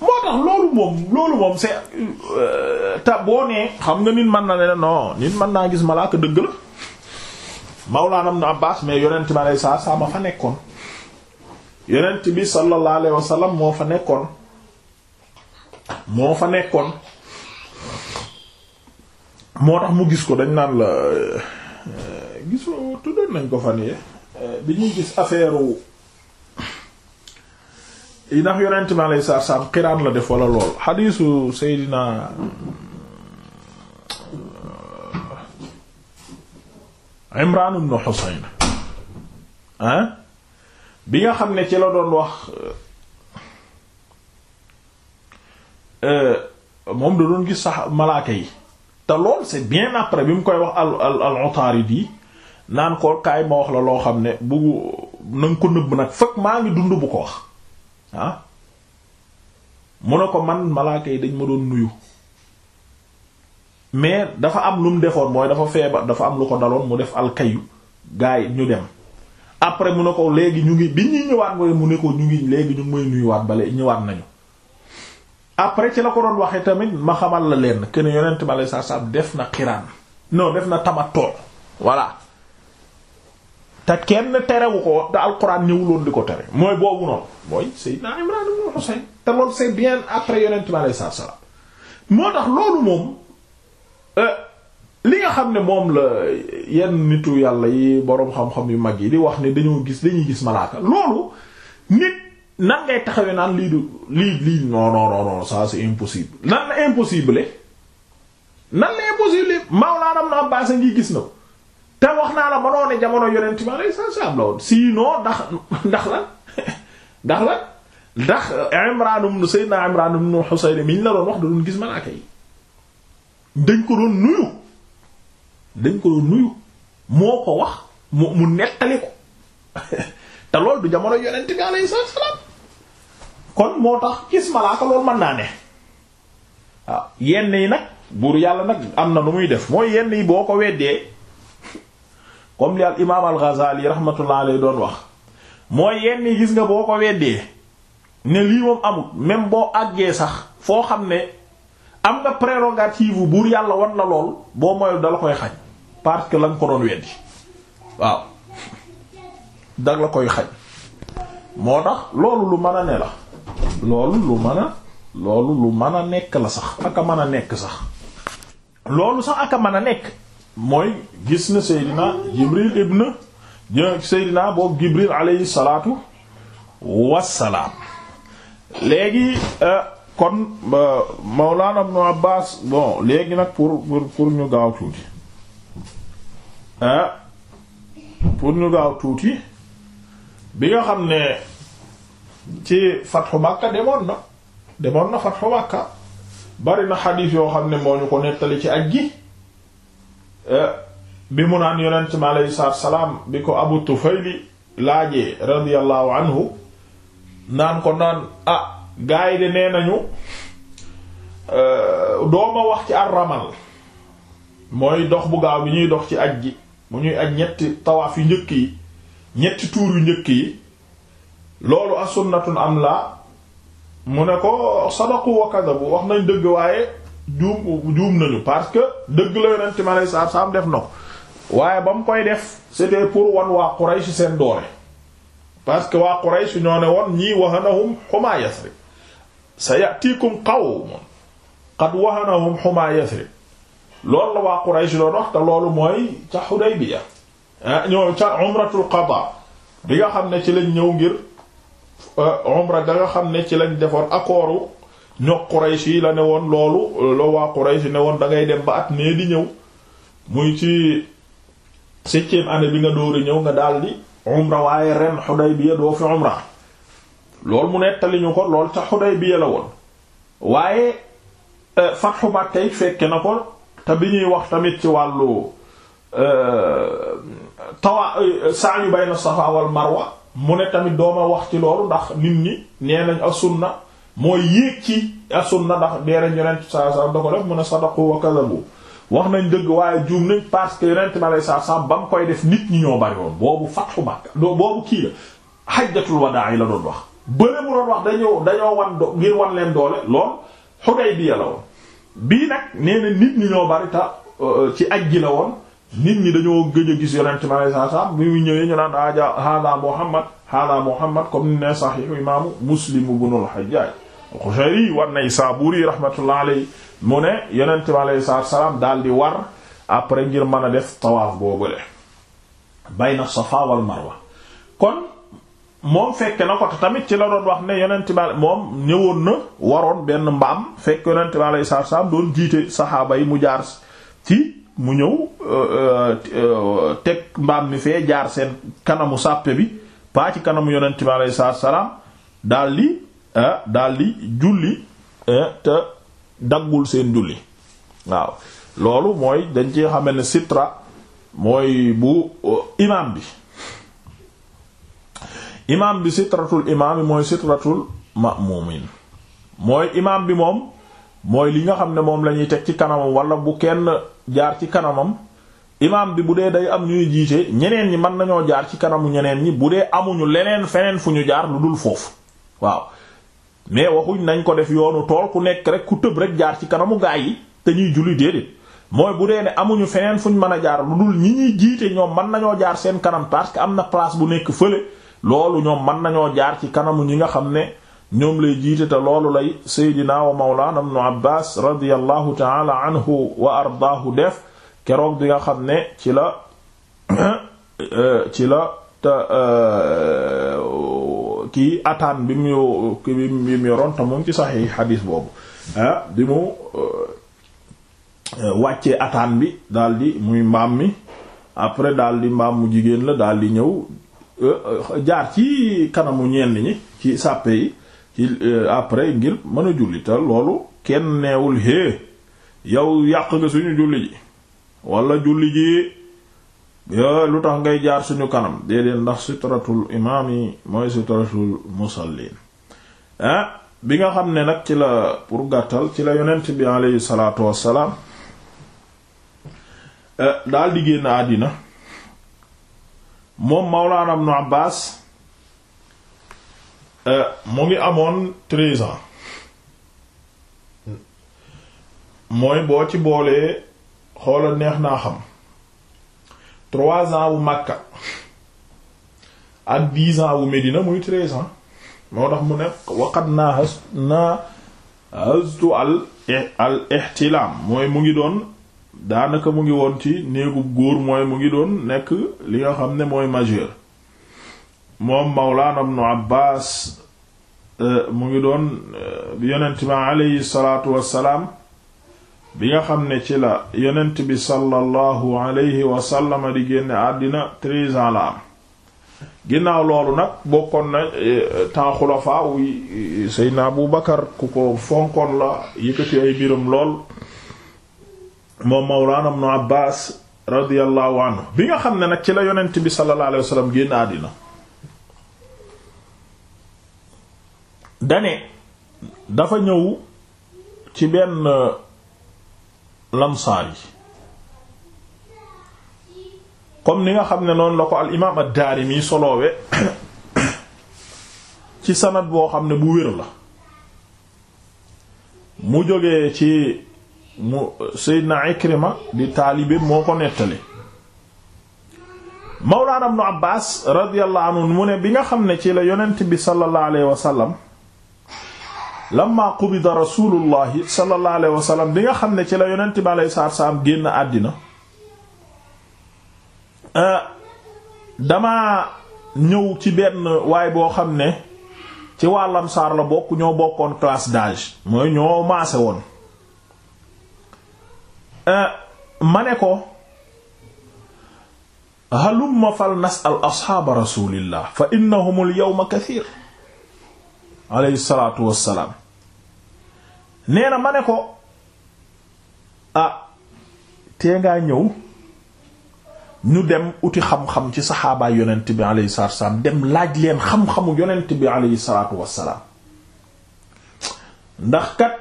moo tax loolu moom loolu moom c'est euh, te boo xam nga nit man na ne non nit mën naa gis ma malaaka dëgg la nam na Abbaas mais yonent bi alei saa salaam a fa nekkoon yonent bi sallallahu alayhi wa moo fa nekkoon moo nekkoon moo tax mu gis ko dañ naan la euh, euh, gisoo tuddoon nañ ko fa nii bi ñuy gis affaire ndax yonent mi alayhi salaatu salaam xiraan la def wala lool xadiisu Seydina uh, Imraan ibn Husayn ah, bi nga xam ne ci la doon wax uh, uh, moom da doon gis sax malaaka yi te lool c'est bien après bi mu koy wax al al al Utaaridi naan ko kaay ma wax la loo xam ne bu na nga ko nëbb nag fekk maa ngi dund bu ko wax. ah mu ne ko man malaaka yi dañ ma doon nuyu mais dafa am lu mu defoon mooy dafa feebar dafa am lu ko daloon mu def alkayu gaa yi ñu dem après mu ne ko léegi ñu ngi bi ñuy ñëwaat mooy mu ne ko ñu ngi léegi ñu ngi may nuyuwaat bale ñëwaat nañu après ci na ko doon waxee tamit ma xamal la leen kenn yonent ma lay sa def na xiraan noo def na tamat tool voilà te kenn terewu ko te alquran ñëwuloon di ko tere mooy boobu noonu mooy Seydina Imran ibn Husayn te loolu c'est bien après yonent bi alayhi salaatu salaam euh, nga xam ne moom la yenn nitu yàlla yi boroom xam-xam yu mag yi di wax ne dañoo gis dañuy gis malaaka loolu nit nan ngay naan lii du lii lii non non non non ça c'est impossible nan la impossible nan la impossible Mawlaana Ibn Abbaas ngi gis na ko te wax naa la mënoo jamono yonent bi alayhi salaam la woon sinon ndax ndax la ndax la ndax eh, Imraan ibn Sayyidina Imraan ibn mi ñu la doon wax da doon gis malaaka yi dañ ko doon nuyu dañ ko doon nuyu moo ko wax mu mu nettali te loolu du jamono yonent bi alayhi salaam kon moo tax gis malaaka loolu mën naa ne yenn yi nag buur yàlla nag am na nu muy def mooy yenn yi boo ko weddee comme li al imaam al Ghazali rahmatullah alayhi doon wax mooy yenn gis nga boo ko weddee ne lii moom amul même boo àggee sax foo xam ne am nga prérogative buur yàlla wan la lool boo moyul dala koy xañ parce la nga ko doon weddi waaw dag la koy xañ moo tax loolu lu mën a ne la loolu lu mën a loolu lu mën a nekk la sax aka mën a nekk sax loolu sax aka mën a nekk mooy gis na Seydina Jibril ibn Seydina boobu Jibril aleyhi salaatu wassalaam léegi euh, kon euh, Mawlana Ibn bon léegi nag pour pour pour ñu gaaw tuuti euh, pour ñu gaaw tuuti bi nga xam ne ci Fathu Makka demoon na demoon na fat Fathu Makka bari na xadiis yoo xam ne moo ñu ko nettali ci aj gi Eh, bi mu naan yonent mi aleyhi salaatu salaam bi ko Abu Tufayli laajee radiyallahu anhu naan ko naan ah gars yi de nee nañu eh, dooma wax ci arramal mooy dox bu gaaw bi ñuy dox ci aj gi mu ñuy aj ñetti tawaaf yu njëkk yi ñetti tuur yu njëkk yi loolu asunnatun am la mu ne ko sadaqu wa kadabu wax nañ dëgg waaye juum juum nañu parce que dëgg la yonent mi aleyhi salaatu salaam def na ko waaye ba mu koy def c'était pour wan waa Quraysh seen doole parce que waa Quraysh ñoo ne woon ñii wahanahum humaa Yasrib sayatiikum qawmun qad wahanahum humaa Yasrib loolu la waa Quraysh doon wax te loolu mooy ca Hudaybiya ah, ñoo ca umratul qada bi nga xam ne ci lañ ñëw ngir euh, umra da xam ne ci lañ defoon accordu ño Quraysh yi la ne woon loolu loo waa Quraysh ne woon dangay dem ba at nee di ñëw muy ci septième année bi nga dóori ñëw nga daldi umra waaye ren Hudaybiya doo fi umra loolu mu nettali ko lool ca Hudaybiya la woon waaye euh, na ko te bi ñuy wax tamit ci wàllu euh, tawa euh, sa'yu bayna Safa wal tamit dooma wax ci loolu ndax nit ñi nee nañ as-sunna moo yéeg ci as-sunna ndax deereñ yonent saa saa da ko def mun a sadaqu wa kadhabu wax nañ dëgg waaye juum nañ parce que yonent ma lay saa saa ba mu koy def nit ñi ñoo bari woon boobu fatxu Makka boobu kii la hajjatul wadaa yi la doon wax bëre mu doon wax dañoo dañoo wan do ngir wan leen doole lool Hudaybiya la woon bii nag nee na nit ñi ñoo bari ta euh, euh, ci aj la woon nit ñi dañoo gëj a gis yonent ma lay saa saa bi mu ñëwee ñu naan aja hada Muhammad Muhammad comme ne Qushayri war nay Saaburi rahmatullah alayhi mu ne yonent bi alayhi salaatu salaam daal di war après ngir mën a def tawaaf boobule bayna Safa wal Marwa kon moom fekke na ko tamit ci la doon wax ne yonent bi moom ñëwoon na waroon benn mbaam fekk yonent bi alayhi salaatu salaam doon jiite saxaaba yi mu jaar ci mu ñëw euh, euh, teg mbaam mi fee jaar seen kanamu sàppe bi paa ci kanamu yonent bi alayhi salaatu salaam daal di Ah, daldi julli eh, te daggul seen julli waaw loolu mooy dañ ci xame ne sitra mooy bu eh, imaam bi imaam bi sitratul imaam bi mooy sitratul ma'mumin mooy imaam bi moom mooy li nga xam ne moom lañuy teg ci kanamam wala bu kenn jaar ci kanamam imaam bi bu dee day am ñuy jiite ñeneen ñi mën nañoo jaar ci kanamu ñeneen ñi bu dee amuñu leneen feneen fu ñu jaar lu dul foofu waaw mais waxuñ nañ ko def yoonu tool ku nekk rek ku tëb rek jaar ci kanamu gaa yi te ñuy julli déedéet mooy bu dee ne amuñu feneen ñu mën a jaar lu dul ñi ñuy jiite ñoom mën nañoo jaar seen kanam parce que am na place bu nekk fële loolu ñoom mën nañoo jaar ci kanamu ñi nga xam ne ñoom lay jiite te loolu lay Seydina wa Mawlana Ibn Abbas radiyallahu ta'ala anhu wa ardaahu def keroog bi nga xam ne ci la ci la te euh, kii ataan bi mu bi mu yoroon te moom ci saxi xadiis boobu ah bi mu euh, wàccee ataan bi daal di muy mbaam mi après daal di mbaam mu jigéen la daal di ñëw euh, euh, jaar ci kanamu ñenn ñi ci sàppe yi ci après ngir mën a julli te loolu kenn neewul hé yow yàq nga suñu julli ji wala julli ji lu tax ngay jaar suñu kanam déedéet ndax sutratul imaam yi mooy sutratul musallin ah bi nga xam ne nag ci la pour gàttal ci la yonent bi aleyhi salaatu wassalaam eh, daal di génn àddina moom Mawlaana Ibnu Abbaas eh, mu ngi amoon treize ans mooy boo ci boolee xoola neex naa xam trois ans wu Makka ak dix ans wu Medina muy treize ans moo tax mu ne waqat naa as naa hastu al al ihtilaam mooy mu ngi doon daanaka mu ngi woon ci néegu góor mooy mu ngi doon nekk li nga xam ne mooy majeur moom Mawlaana Ibnu Abbaas euh, mu ngi doon euh, bi yonent bi aleyhi salaatu wassalaam bi nga xam ne ci la yonent bi sallallahu alayhi wasallama di génn àddina treize ans la am ginnaaw loolu nag bokkoon na e, temps xulafa wu e, Seydina Abu Bakar ku ko fonkoon la yëkkati ay biram lool moom Mawlana Ibn Abbas radiyallahu anhu bi nga xam ne nag ci la yonent bi sallallahu alayhi wasallam génn àddina dane dafa ñëw ci benn lamsaar yi comme ni nga xam ne noon la ko al imaam ad-Daarimi soloowe ci sanad boo xam ne bu wér la mu jógee ci mu Seydina Ikrima di taalibe moo ko nettali Mawlaana Ibnu Abbaas radiyallahu anhu mu ne bi nga xam ne ci la yonent bi sallallahu alayhi wa lamma qubida rasulullahi sallallahu alayhi wa bi nga xam ne ci la yonent ma alayhi salaatu salaam génn àddina euh, dama ñëw ci benn waay boo xam ne ci waa lamsaar la bokk ñoo bokkoon classe d'âge mooy ñoo maase woon euh, ma ne ko halumma fal nas'al ashaaba rasulillah fa innahum al yawma kathiir alayhi salaatu wassalaam nee na ma ne ko ah tee ngaa ñëw ñu dem wuti xam-xam ci saxaabaay yonent bi alayhi salaatu wassalaam dem laaj leen xam-xamu yonent bi alayhi salaatu wassalaam ndax kat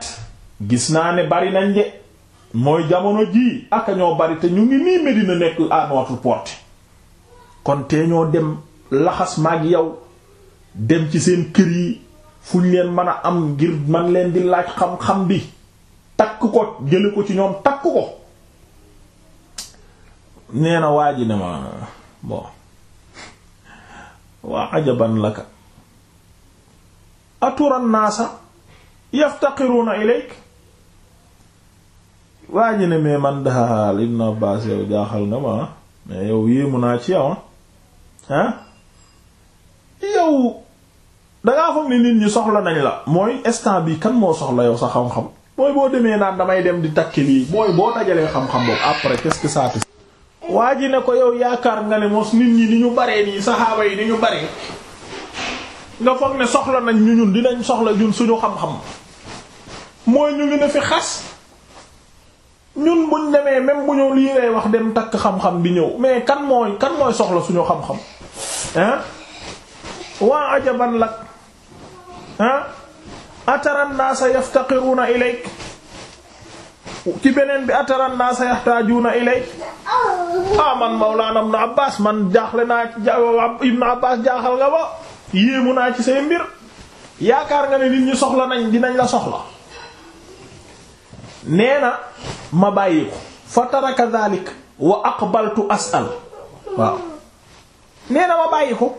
gis naa ne bari nañ de mooy jamono ji aka ñoo bari te ñu ngi nii Medina nekk à notre kon te ñoo dem laxas maag yow dem ci seen kër yi fu leen mën a am ngir man leen di laaj xam-xam bi takk ko jële ko ci ñoom takk ko nee na waa ji ne ma bon waa ajaban laka aturan naasa yaftaqiruna ilayk waa ji ne mais man daal Ibn Abbas yow jaaxal nga ma mais yow yéemu naa ci yow ah yow dangaa foog ni nit ñi soxla nañ la mooy instant bii kan moo soxla yow sa xam-xam mooy boo demee naan damay dem di takki lii mooy boo dajalee xam-xam boobu après qu'est-ce que waa ji ne ko yow yaakaar nga ne mos nit ñi ni ñu baree nii saxaaba yi ni ñu baree nga foog ne soxla nañ ñu ñun dinañ soxla ñun suñu xam-xam mooy ñu ngi ne fi xas ñun buñ demee même bu ñu lii lay wax dem takk xam-xam bi ñëw mais kan mooy kan mooy soxla suñu xam-xam ah waa ajaban lak atara nnaasa yaftaqiruuna ci beneen bi atara yaxtaajuuna ilayk ah man Mawlaana Ibn Abbaas man jaaxle naa ci Ibn Abbaas jaaxal nga ba yéemu naa ci say mbir yaakaar nga ne nit ñi soxla nañ dinañ la soxla nee na ma bàyyi ko fa taraka dalik wa aqbaltu as'al waaw nee na ma bàyyi ko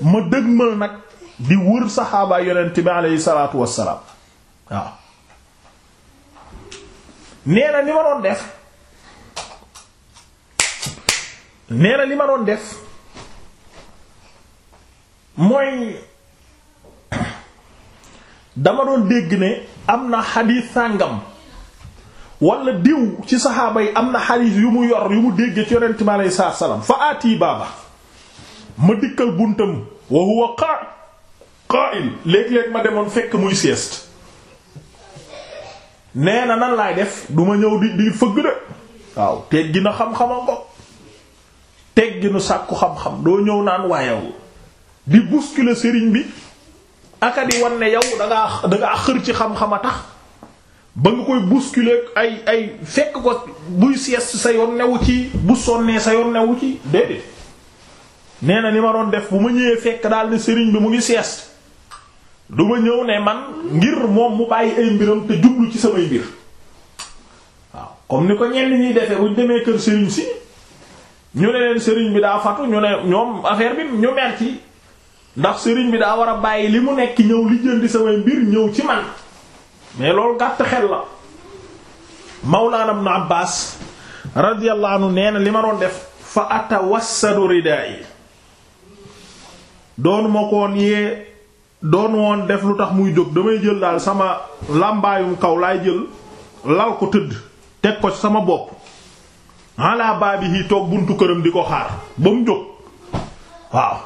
ma dëgmal nag di wër saxaaba yonent bi aleyhi salaatu wassalaam waaw nee na li ma doon def nee na li ma doon def mooy dama doon dégg ne am na xadiis sàngam wala diw ci saxaaba yi am na xadiis yu mu yor yu mu dégg ci yonent bi aleyhi salaatu fa aati baaba ma dikkal buntam wa huwa qaa'id qaa'il léeg-léeg ma demoon fekk muy sees nee na nan laay def du ma ñëw di di fëgg de waaw teggi na xam-xamam ko teggi nu sàkku xam-xam doo ñëw naan waayaw di bousculer sëriñ bi aka di wan ne yow da xër ci xam-xam a tax ba nga koy bousculer ay ay fekk ko buy sieste sa yoon newu ci bu sonnee sa yoon newu ci déedéet nee na ni ma doon def bu ma ñëwee fekk daal ne sëriñ bi mu ngi sees du ñëw ne man ngir moom mu bàyyi ay mbiram te jublu ci samay mbir waaw comme ni ko ñenn ñiy defee bu demee kër sëriñ si ñu ne leen sëriñ bi daa fatu ñu ne ñoom affaire bi ñu mer ci ndax sëriñ bi daa war a bàyyi li mu nekk ñëw li jëndi samay mbir ñëw ci man mais loolu gàtt xel la Mawlaana Ibn Abbaas radiyallahu anhu nee na li ma doon def fa atawassadu ridaa yi koon yee doon woon def lu tax muy jóg damay jël daal sama làmbaayum kaw laay jël lal ko tëdd teg ko ci sama bopp ala baabihi toog buntu këram di ko xaar ba mu jóg waaw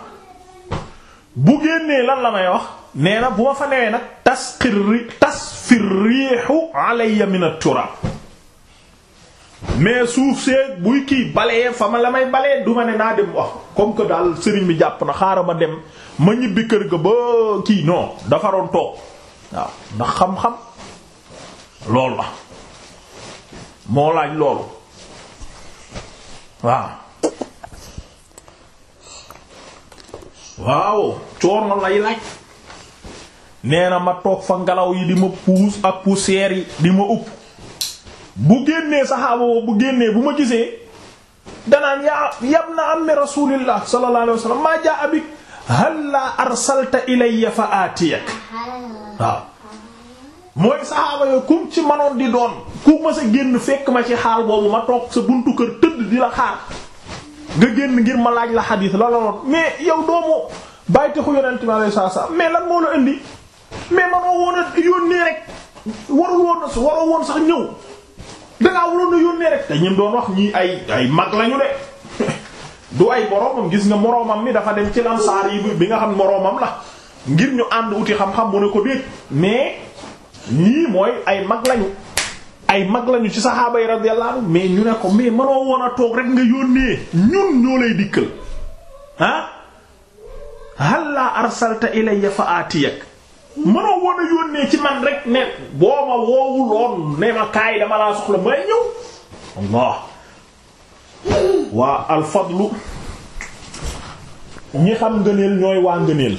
bu génnee lan la may wax nee na bu ma fa newee nag tasfir tasfirrihu alayya min at mais suuf seeg buy kii balee fa ma la may balee du ma ne naa dem wax comme que daal sëriñ bi jàpp na xaaral ma dem ma ñibbi kër ga ba kii non dafa toog waaw ndax xam-xam loolu la moo laaj loolu waaw waaw coono lay laaj nee na ma toog fa ngelaw yi di ma puus ak poussière yi di ma upp bu génnee saxaaba bu génnee bu ma gisee danaan yaa yabna ammi rasulillah sallallahu alayhi wa sallam maa jaa abik hal laa arsalta ilayya fa aatiyak waaw mooy saxaaba yooyu kum ci manoon di doon ku ma sa génn fekk ma ci xaal boobu ma toog sa buntu kër tëdd di la xaar nga génn ngir ma laaj la xadiis la looloon mais yow doomu bàyyi taxu yonent mi alayhi mais lan moo la indi mais manoo woon a yónnee rek waru waroo woon sax ñëw dangaa waroon a yónnee rek doon wax ñii ay ay mag lañu de du ay boromam gis nga moroomam mi dafa dem ci lansaar yi bi nga xam moroomam la ngir ñu ànd wuti xam-xam mu ne ko déet mais ñii mooy ay mag lañu ay mag lañu ci saxaaba yi radiyallahu mais ñu ne ko mais mënoo woon a toog rek nga yónnee ñun ñoo lay dikkal ah hal laa arsalta ilayya fa aati aatiyak mënoo woon a yónnee ci man rek ne boo ma woowuloon ne ma kaay dama laa soxla may ñëw allah waa alfadlu ñi xam ngëneel ñooy waa ngëneel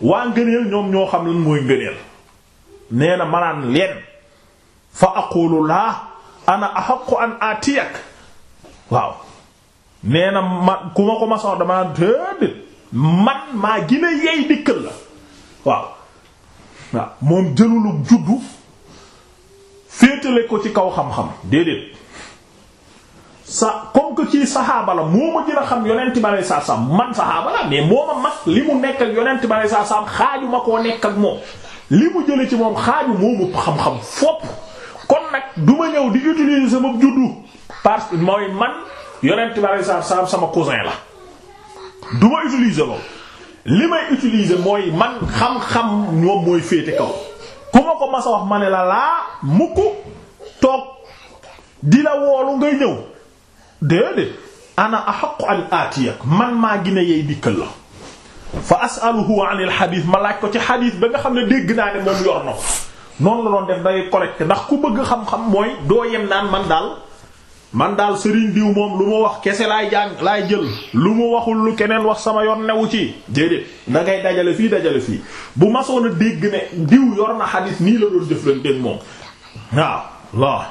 waa ngëneel ñoom ñoo xam lan mooy ngëneel nee na manaan leen fa aqulu ana ahaqu an atiyak waaw nee na ma ku ma ko ma dama déedéet man maa gina yey dikkal la waaw waaw moom jëlulu juddu féetale ko ci kaw xam-xam déedéet sa comme que ci saxaaba la moo ma gën a xam yonent ba lay saa saam man saxaaba la mais moo ma mag li mu nekk ak yonent ba lay saa saam xaaju ma koo nekk ak moom li mu jële ci moom xaaju moomu xam-xam fopp kon nag du ma ñëw di utilise sama juddu parce que mooy man yonenti ba lay saam sama cousin la duma ma utiliser loolu li may utilise mooy man xam-xam ñoom mooy féete kaw ku ma ko mas a wax ma ne la laa mukk toog di la woolu ngay ñëw déedéet ana ahaqu an aatiyak man maa gina yey dikkal la fa as'aluhu anil xadiis ma laaj ko ci xadiis ba nga xam ne dégg naa ne moom yor na noonu la doon def day collecté ndax ku bëgg xam-xam mooy doo yem naan man daal man daal sëriñ diw moom lu ma wax kese laay jàng laay jël lu ma waxul lu keneen wax sama yoon newu ci déedéet da ngay dajale fii dajale fii bu masoon a dégg ne diw yor na xadis nii la doon jëflanteeg moom waaw waaw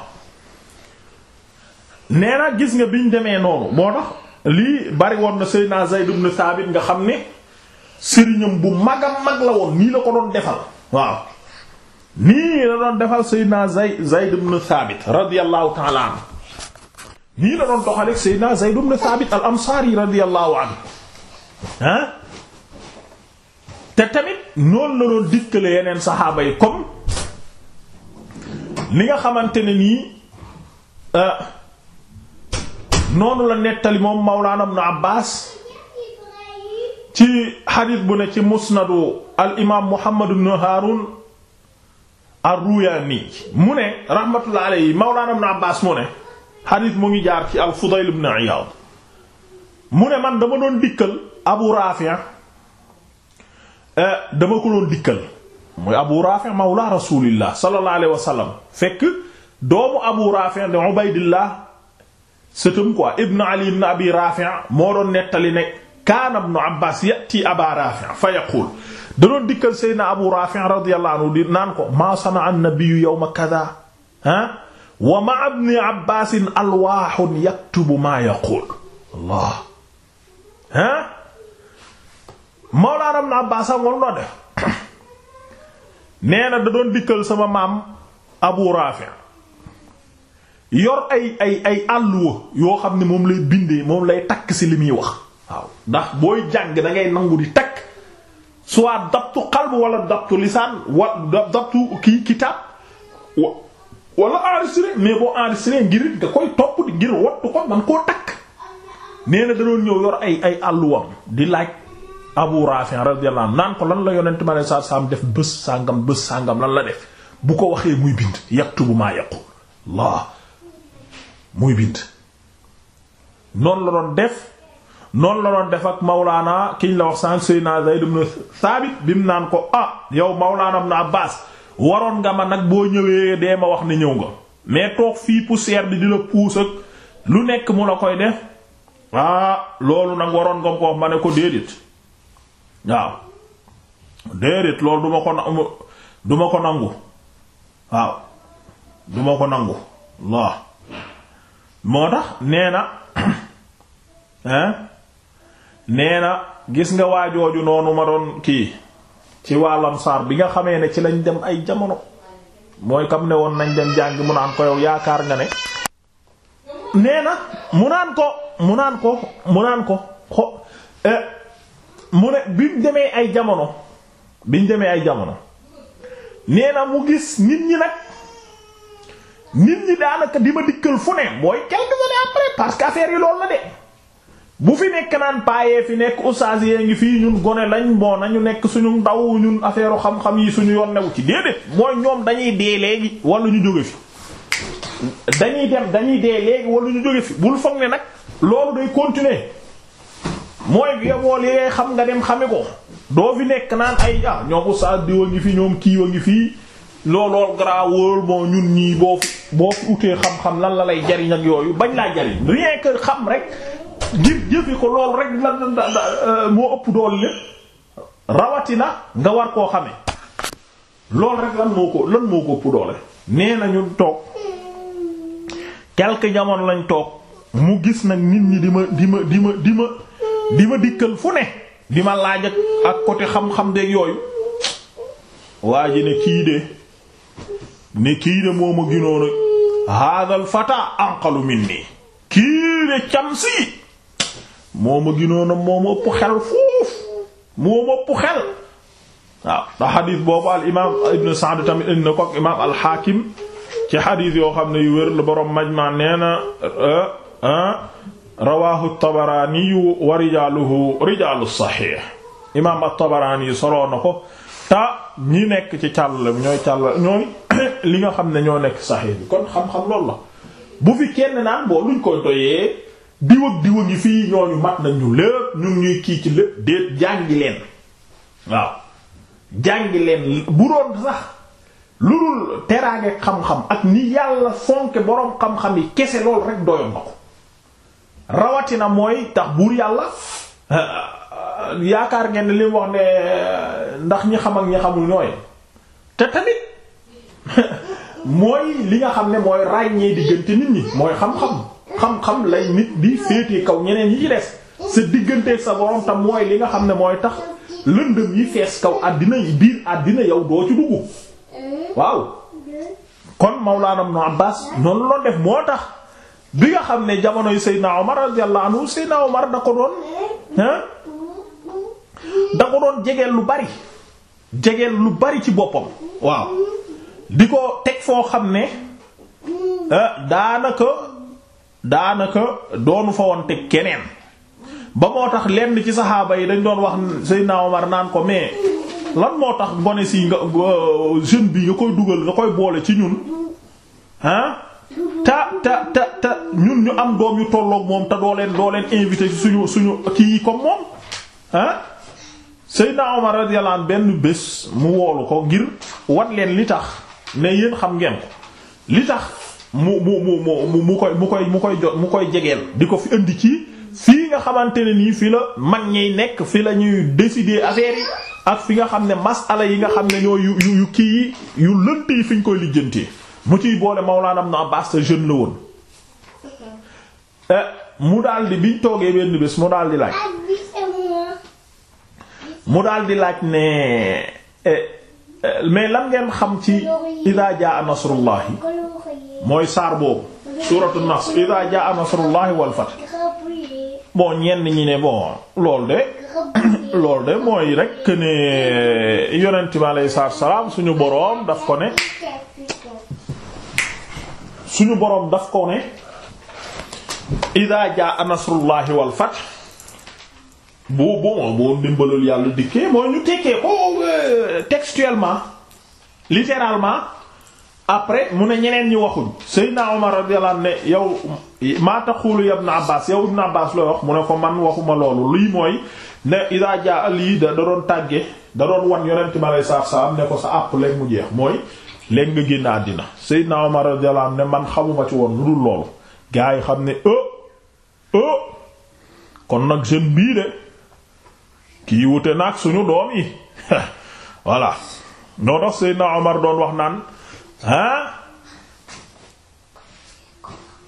nee na gis nga biñ demee noonu moo tax lii bariwoon woon na Seydina Zayd ibn Thabit nga xam ne sëriñam bu mag a mag la woon nii la ko doon defal waaw nii la doon defal sëy Zayd Zayd ibn Thabit radiyallahu ta'ala nii la doon doxaleeg Seydina Zayd ibn Thabit al Ansari radiyallahu anhu ah te tamit noonu la doon dikkale yeneen saxaaba yi comme li nga xamante ne nii euh, noonu la nettali moom Mawlana ibn Abbas ci xadis bu ne ci musnadu al imaam Muhammad ibn Harun ar-Ruyani mu ne rahmatullah alayhi Mawlana ibn Abbas mu ne. xadis mu ngi jaar ci al-Fudayl ibn Iyad mu ne man dama doon dikkal Abu Rafi' eh, dama ko doon dikkal mooy Abu Rafi' mawla rasulillah sallallahu alayhi wa sallam fekk doomu Abu Rafi' de Ubaydillah sëtam quoi ibn Ali ibn moo doon nettali ne kaana ibn Abbas ya'ti Aba Rafi' fa yaqul da doon dikkal Seydina Abu Rafi' radiyallahu anhu di naan ko ma sana'a an-nabiyyu yawma kadha ha wa ma'a ibni abbaasin alwaaxun yaktubu maa yaquul allah ah Mawlaana ibn Abbaas am waru def nee na da doon dikkal sama maam Abu Raafi yor ay ay ay àlluwa yoo xam ne moom lay bindee moom lay takk ci li muy wax waaw ndax booy jàng da ngay nangu di takk soit dabtu qalb wala dabtu lisaan dabtu kii kitaab wala enregistré mais boo enregistré ngir nga koy topp ngir wattu ko man koo takk nee na da ñëw yor ay ay àlluwam di laaj Abu Rafi radiyallahu anhu naan ko lan la yonent ma ne saa saam def bës sàngam bés sàngam lan la def bu ko waxee muy bind yaktubu maa yaqul laa muy bind noonu la doon def noonu la doon def ak Mawlaana kiñ la wax sànq Seydina Zayd ibn Thabit bi mu naan ko ah yow Mawlaana naa baas waroon nga ma nag boo ñëwee dee ma wax ni ñëw nga mais toog fii poussière bi di la puus lu nekk mu la koy def ah loolu nag waroon nga ko wax ma ne ko déedéet waaw déedéet loolu duma ko nangu duma ko nangu waaw duma ko nangu waaw moo tax nee na hein nee na gis nga waajooju noonu ma doon kii ci wàllam saar bi nga xamee ne ci lañ dem ay jamono mooy kam ne woon nañ dem jàngi mu naan ko yow yaakaar nga ne nee na mu naan ko mu naan ko mu ko xo eh, mu ne biñ demee ay jamono biñ demee ay jamono nee na mu gis nit ñi nag nit ñi daanaka di ma dikkal fu ne mooy quelques années après parce que affaire yi loolu la de bu fi nekk naan paayee fi nekk oustaz yee ngi fii ñun gone lañ bon nañu nekk suñu ndaw ñun affaire xam-xam yi suñu yoon newu ci déedéet mooy ñoom dañuy dee léegi walla ñu jóge fi dañuy dem dañuy dee léegi wala ñu jóge fi bul foog ne nag loolu day continuer mooy bi li ngay xam nga dem xame ko doo fi nekk naan ay ah ñoom oustaz diwa ngi fi ñoom kiiwa ngi fii loolool garaawul bon ñun ñii boo boo fi utee xam-xam lan la lay jariñ ak yooyu bañ laa xam rek ngir jëfe ko loolu rek la euh, moo ëpp dool lépp rawatina nga war koo xame loolu rek lan moo ko lan moo ko ëpp doole nee na ñu toog quelque jamono lañ toog mu gis nag nit ñi di ma di ma di ma di ma di ma dikkal fu ne di ma laaj ak côté xam-xam de yooyu waa ji ne kii de ne kii de moo ma ginoon a haadal fata anqalu minni kii de camsi moo mo ginoona moo ma ëpp xel foof moo ma ëpp xel waaw ndax xadiis boobu al imaam ibn Sa'd tamit indi na ko ak imaam alxaakim ci xadiis yoo xam ne yu wér lu boroom majma nee na eh, eh, rawaahu at-Tabaraani wa rijaaluhu rijaalu saxiix imaam at-Tabaraani soloo na ko ta ñi nekk ci càll ñooy càll li nga xam ne ñoo nekk saxiix bi kon xam-xam loolu la bu fi kenn naan boo luñ ko doyee diw ak diw a ngi fii ñooñu mat nañ ñu lépp ñun ñuy kii ci lépp déet jàngi leen waaw jàngi leen bu doon sax lu dul teraange xam-xam ak ni yàlla fonke boroom xam-xam yi kese lool rek doyoon na ko rawatina mooy tax buur yàlla yaakaar ngeen li mu wax ne ndax ñi xam ak ñi xamul ñooy te tamit mooy li nga xam ne mooy ràññee diggante nit ñi mooy xam-xam xam-xam lay nit di féetee kaw ñeneen yi ci des sa digganteeg sa borom tam mooy li nga xam ne mooy tax lëndëm yi fees kaw àddina yi biir àddina yow doo ci duggu waaw kon Mawlana Ibn Abbas noonu loon def moo tax bi nga xam ne jamonoy Seydina Omar radiyallahu anhu Seydina Omar da ko doon ah da ko doon jegeel lu bari jegeel lu bari ci boppam waaw di ko teg foo xam ne eh, daanaka daanaka doonu fa woon teg keneen ba moo tax lenn ci saxaaba yi dañ doon wax Seydina Omar naan ko mais lan moo tax gone si nga jeune bi nga koy dugal nga koy boole ci ñun ah ta ta ta ta ñun ñu am doom yu tolloog moom te doo leen doo leen invité suñu suñu kii comme moom ah Seydina Omar radiyallahu benn bés mu woolu ko ngir wan leen li tax ne yéen xam ngeen ko li tax mu mu mu mu mu koy mu koy mu koy jot mu koy jegeel di ko fi indi ci fii nga xamante ne nii fii la mag ñiy nekk fi la ñuy décider affaire ak fi nga xam ne masala yi nga xam ne ñoo yu yu kii yu lënt yi fi ñu koy lijjantee mu ciy boole Mawlana Ibn Abbas te jeune la woon eh, mu daldi bi toogee benn bés mu daal di laaj mu daal di laaj ne eh, eh, mais lan ngeen xam ci idaa jaa nasrullahi mooy saar boobu suuratu nas idaa jaa nasrullahi wal fath bon ñenn ñi ne bon loolu de loolu de mooy rek ne yonent bi alayhi salaam suñu boroom daf ko ne suñu boroom daf ko ne idaa jaa nasrullahi wal fat bu bu boo dimbalul yàlla dikkee mooy ñu tekkee ko euh, textuellement littéralement après mu ne ñeneen ñi waxuñ Seydina Omar radiyallahu anhu ne yow maa taqulu ya na Abbas yow ibn Abbas looy wax mu ne ko man waxuma loolu lii mooy ne idaa jaa lii da doon tàgge da doon wan yonent bi alayhi salaatu salaam ne ko sa àpp léegi mu jeex mooy léegi nga génn àddina Seydina Omar radiyallahu anhu ne man xamuma ci woon lu dul loolu gaa yi xam ne oh oh kon nag jeune bii de kii wute naag suñu doom yi voilà noo tax Seydina Omar doon wax naan. ah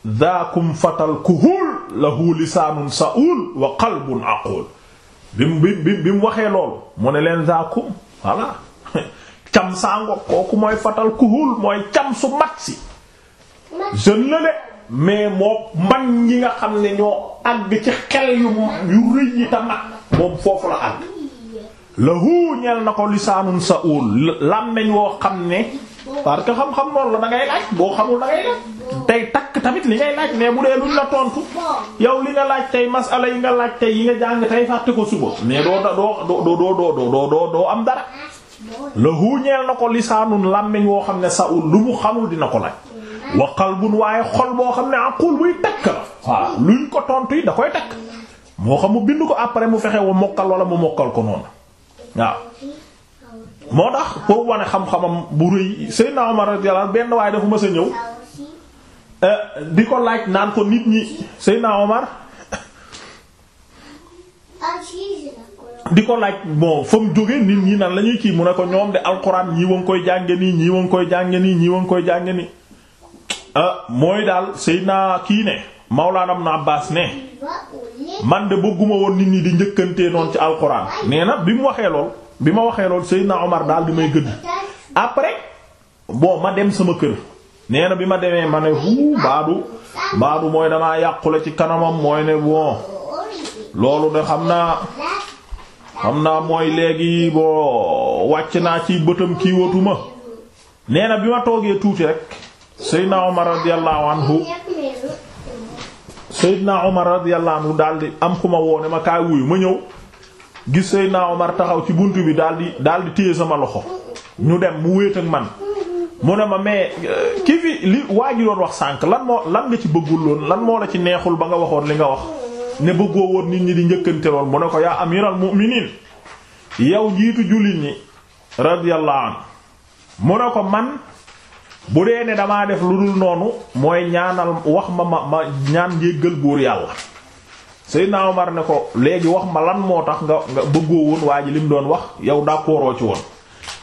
daakum fatal kuhul lahu lisaanun sa'ul wa qalbun aqul bi bi bi mu waxee loolu mu ne leen daakum voilà cam saango kooku mooy fatal kuhul mooy cam su mat si jeune la de mais moo man ñi nga xam ne ñoo àgg ci xel yu yu rëy yi ta mag moom foofu la àgg lahu ñeel na ko lisaanun sa'ul làmmeñ woo xam ne parce que xam-xam noonu la da laaj boo xamul da ngay laaj tey takk tamit li ngay laaj mais bu dee luñ la tontu yow li nga laaj tey mas masala yi nga laaj tey yi nga jàng tey fàtte ko suba mais doo doo doo doo doo doo doo am dara la huuñeel na ko lisaanun làmmiñ woo xam ne sa ul lu mu xamul dina ko laaj wa qalbun waaye xol boo xam ne aqul buy takk la waaw luñ ko tontu yi da koy takk moo xam mu bind ko après mu fexe wa mokkal wala mu ko noonu moo tax pour wane xam-xamam bu rëy Seydina Omar radiyallahu benn waaye dafa mës a ñëw euh, di ko laaj naan ko nit ñi Seydina Omar di ko laaj bon fa mu jógee nit ñi nan la ñuy kii mu ne ko ñoom de alxuraan ñii wa koy jànge nii ñii wa koy jànge nii ñii koy jànge nii euh, mooy daal Seydina kii ne Mawlana Ibn Abbas ne man de bëgguma woon nit ñi di njëkkantee noonu ci alxuraan nee na bi mu waxee lool bi ma waxee lool loolu naa Omar daal di may gëdd après bon ma dem sama kër nee na bi ma demee ma ne huu baadu baadu mooy damaa yàqule ci kanamam mooy ne bon loolu de xam naa xam naa mooy léegi boo wàcc naa ci bëtam kii ma nee na bi ma toogee tuuti rek Seydina Omar radiyallahu anhu Seydina Omar radiyallahu anhu daal di am ku woone ma kaay wuyu ma ñëw. gis Seydina Omar taxaw ci bunt bi daal di daal di téye sama loxo ñu dem mu wéet man mu ne ma mais euh, ki li waa ji doon wax sànq lan moo lan nga ci bëggul woon lan moo la ci neexul ba nga waxoon li nga wax ne bëggoo woon nit ñi di njëkkante lool mu ne ko yaa am amiral mu'minin yow njiitu jullit ñi radiyallahu anhu mu ne ko man bu dee ne damaa def lu dul noonu mooy ñaanal wax ma ma ma ñaan njéggal buur yàlla Seydina Omar ne ko léegi wax ma lan moo tax nga nga bëggoo woon waa ji lim doon wax yow d'accord ci woon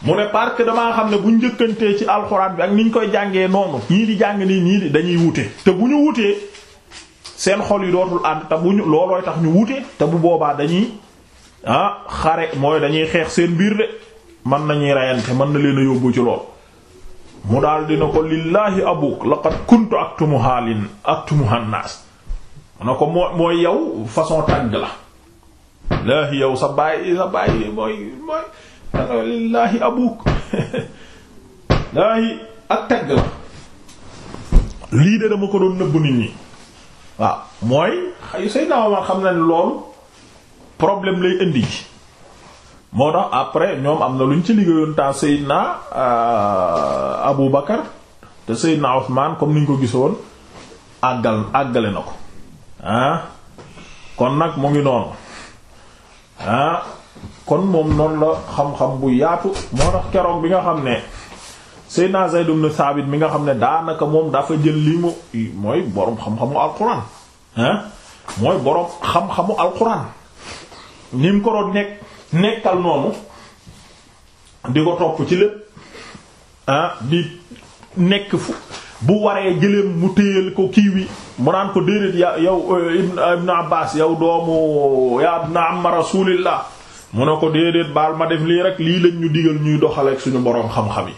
mu ne parce damaa xam ne bu ñu njëkkantee ci alxuraan bi ak ni ñu koy jàngee noonu ñii di jàng nii ñii di dañuy wute te bu ñu wutee seen xol yi dootul ànd te bu ñu loolooy tax ñu wute te bu boobaa dañuy ah xare mooy dañuy xeex seen biir de mën nañuy reyante mën na leen a yóbbu ci lool mu daal dina ko lillaahi abuk laqad kuntu aktumuha lin ak naas na ko moo mooy yow façon tàgg la laahi yow sa baay sa baay mooy mooy danga lillaahi laahi ak tàgg la lii de dama ko doon nëbb nit ñi waaw mooy xay Seydina Omar xam na ne loolu problème lay indi ji moo tax après ñoom am na lu ñu ci liggéeyoon temps Seydina euh, Abu Bakar te Seydina Ousmane comme ni ñu ko gisoon àggal àggale na ko ah kon nag mu ngi noonu ah kon moom noonu la xam-xam bu yaatu moo tax keroog bi nga xam ne Seydina Zayd ibn Thabit mi nga xam ne daanaka moom dafa jël lii mu mooy boroom xam-xamu alquran ah mooy boroom xam-xamu alquran ni mu ko doon nekk nekkal noonu di ko topp ci lépp ah di nekk fu bu waree jëleem mu téyal ko kii wi mu naan ko déedéet ya yow euh, ibnu euh, abbas yow doomu ya ibna amma rasulillah mu ne ko déedéet baal ma def lii rek lii lañ ñu digal ñuy doxaleek suñu boroom xam-xam yi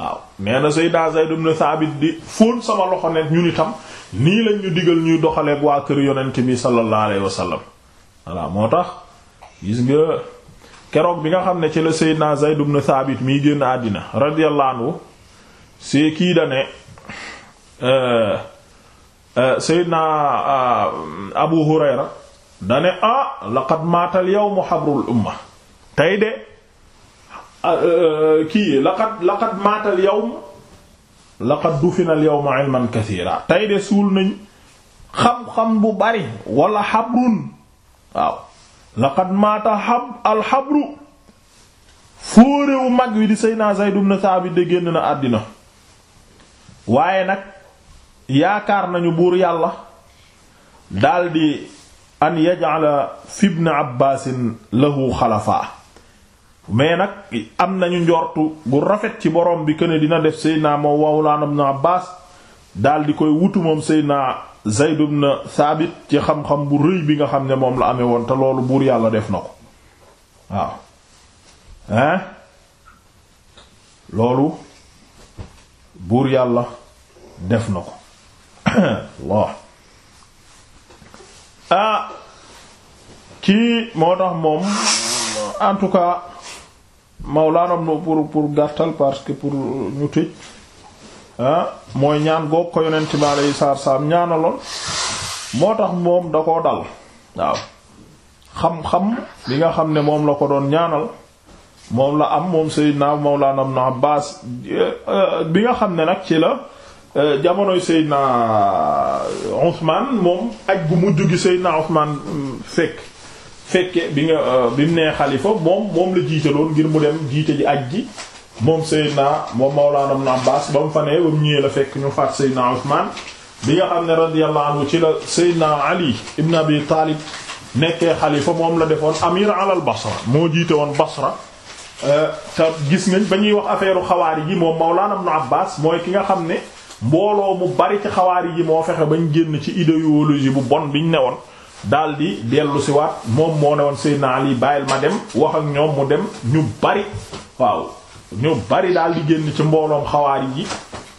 waaw nee na Seydina Zayd ibn Thabit di fóon sama loxo ne ñun itam nii lañ ñu digal ñuy doxaleek waa kër yonent bi sallallahu alayhi wa sallam voilà moo tax gis nga keroog bi nga xam ne ci la Seydina Zayd na Thabit miy génn àddina radiyallahu anhu kii da Euh, euh, Seydina euh, Abu Hurayra dane ah laqad maatal yawmu habrul umma tey de ah, kii laqad laqad maatal yawm laqad dufina al yawma ilman kathira tey suul nañ xam-xam bu bari wala habrun waaw laqad maata hab al habru fóorewu mag wi di Seydina Zayd ibn Thabit de génn na àddina waaye nag yaakaar nañu buur yàlla daldi an yaj'ala fi ibn abbaasin xalafaa mais nag am nañu njortu bu rafet ci boroom bi këne dina def seydinaa moom wawlaana na abbaas daldi koy wutu moom seydinaa zayd ibn saabit ci xam-xam bu rëy bi nga xam ne moom la amee woon te loolu buur yàlla def na ko waaw hein loolu buur yàlla def na ko Allah ah kii moo tax moom en tout cas Mawlana pour pour gàttal parce que pour ñu tëj ah mooy ñaan goog ko yonent bi alayhi salaatu salaam ñaanaloon moo tax moom da koo dal waaw xam-xam li nga xam ne moom la ko doon ñaanal moom la am moom Seydina Mawlana Ibn baas eh, eh, bi nga xam ne nag ci la. Euh, jamonoy Seydina Ousmane moom aj gu mujj gi Seydina Ousmane fekk mm, fekke bi nga euh, bi mu nee xalifa moom moom la jiitaloon ngir mu dem jiite ji aj ji moom Seydina moom Mawlana Ibn Abbas ba mu fa nee ba mu la fekk ñu faat Seydina Ousmane bi nga xam ne radiyallahu anhu ci la Seydina Ali ibn Abi Talib nekke xalifa moom la defoon amir alal Basra moo jiite woon Basra euh, te gis nañ ba ñuy wax affaire xawaari ji moom Mawlana Ibn Abbas mooy ki nga xam ne mbooloo mu bari ci xawaari ji moo fexe bañ génn ci idéologie bu bon biñ ne woon daal di dellu si waat moom moo ne woon Seydina Ali bàyyil ma dem wax ak ñoom mu dem ñu bari waaw ñu bari daal di génn ci mbooloom xawaari yi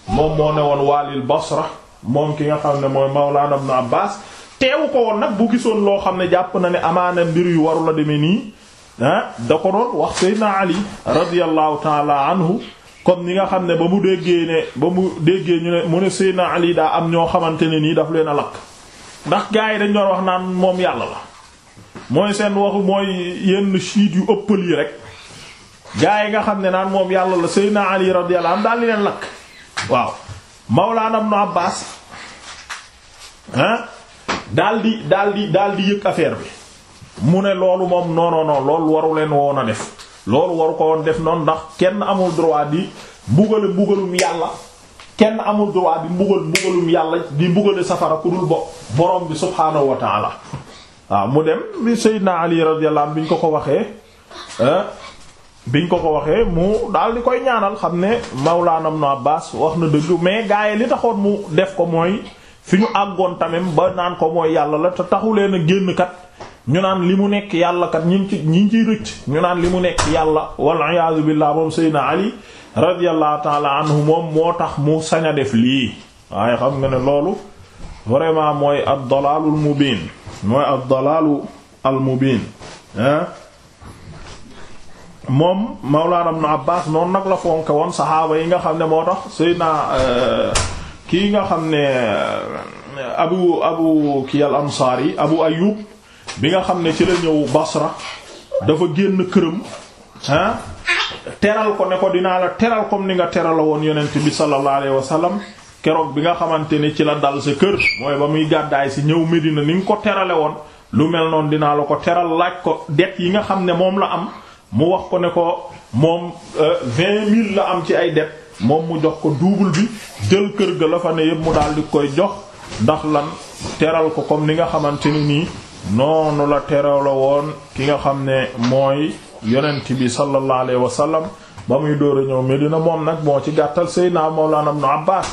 moom moo ne woon waalil Basra moom ki nga xam ne mooy Mawlana Ibn Abbas teewu ko woon nag bu gisoon loo xam ne jàpp na ne amaana mbir yu warula deme nii ah da ko doon wax Seydina Ali radiyallahu taala anhu kon ni nga xam ne ba mu déggee ne ba mu déggee ñu ne mu ne Seydina Ali daa am ñoo xamante ne nii daf leen a lakk ndax gars yi dañ doon wax naan moom yàlla la mooy seen waxu mooy yenn chiites yu ëppal yi rek gars yi nga xam ne naan moom yàlla la Seydina Ali radiyallahu anhu leen lakk waaw Mawlana Ibn Abbas ah daal di daal yëg affaire bi mu ne loolu moom non non waru leen woon a def. loolu waru ko woon def noonu ndax kenn amul droit di mbugale mbugalum yàlla kenn amul droit di mbugal mbugalum yàlla di mbugale safara ku dul bo borom bi subhaanahu wa taala waaw mu dem bi Seydina Ali radiyallahu anhu bi ñu ko ko waxee biñ ko ko waxee mu daal di koy ñaanal xam ne Mawlaana Ibn Abbaas wax na dëgg mais gaa yi li taxoon mu def ko mooy fi ñu àggoon tamit ba naan ko mooy yàlla la te taxuleen a génn kat ñu naan li mu nekk yàlla kat ñi ci ñi ciy rëcc ñu naan li mu nekk yàlla wal iyaazu billaah moom Seydina Ali radiyallahu taala anhu moom moo tax mu sañ def lii waaye xam nga ne loolu vraiment mooy ad-dalaalul mubiin mooy ad-dalaalu al mubiin ah moom Mawlaana Ibn Abbaas noonu nag la fonke woon saxaaba yi nga xam ne moo tax Seydina euh, kii nga xam ne euh, abu abu kii al ansaari abu ayub bi nga xam ne ci la ñëw Basra dafa génn këram ah teral ko ne ko dinaa la teral comme ni nga terala woon yonent bi sallallahu alayhi wa sallam keroog bi nga xamante ni ci la dal sa kër mooy ba muy gàddaay si ñëw Medina ni nga ko terale woon lu mel noonu dinaa la ko teral laaj ko det yi nga xam ne moom la am mu wax ko ne ko moom euh, vingt mille la am ci ay det moom mu jox ko double bi jël kër ga la fa ne yëpp mu daal di koy jox ndax lan teral ko comme ni nga xamante ni nii noonu la teraw la woon ki nga xam ne mooy yonent bi sallallahu alayhi wa sallam ba muy dóor a ñëw Medina moom nag moo ci gàttal Seydina Mawlana Ibn Abbas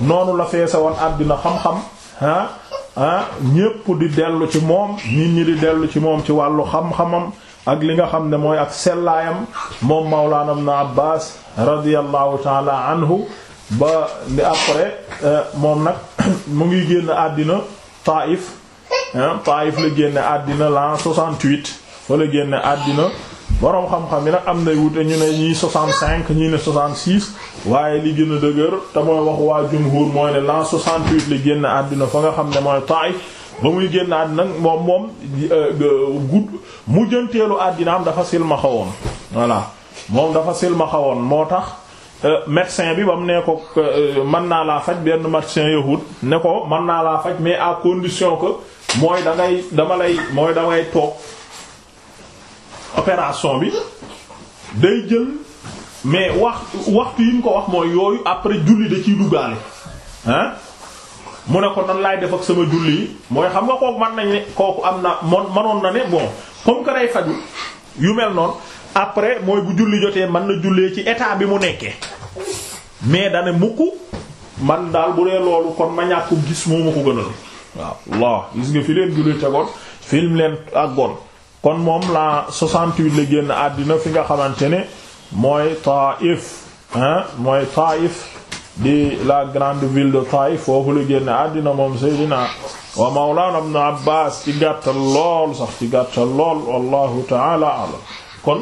noonu la feese woon àddina xam-xam ah ah ñépp di dellu ci moom nit ñi di dellu ci moom ci wàllu xam-xamam ak li nga xam ne mooy ak sellaayam moom Mawlana Ibn Abbas radiyallahu taala anhu ba di après eh, moom nag mu ngi génn àddina Taif Taif la génne àddina l'an 68 fa la génne àddina boroom xam-xam yi nag am na wute ñu ne ñii 65 ñii ne 66 waaye li gën a dëgër te mooy wax waa jumhur mooy ne l'an 68 la génne àddina fa nga xam ne mooy Taif ba muy génn àddina moom moom euh, gudd mujjanteelu àddinaam dafa silmaxa woon voilà moom dafa silmaxa woon moo tax euh, médecin bi ba mu ne ko euh, mën naa laa faj benn médecin yahud ne ko mën naa laa faj mais à condition mooy da dama lay mooy damay toog opération bi day jël mais wax waxtu yi mu ko wax mooy yooyu après julli da ciy duggaale hein mu ne ko nan laay def ak sama julli yi mooy xam nga kooku mën nañ ne kooku am na mon manoon na ne bon comme que day faju yu mel noon après mooy bu julli jotee mën na jullee ci état bi mu nekkee mais dane mukk man daal bu dee loolu kon ma ñàkk gis moo ma ko gënal waaw Allah gis nga fi leen julli tegoon film leen àggoon kon moom la 68 la génn àddina fi nga xamante ne mooy Taif hein mooy Taif di la grande ville de Taif foofu la génn àddina moom Seydina wa Mawlana Ibn Abbas ci gàttal lool sax ci gàttal lool wallahu ta'ala a'lam kon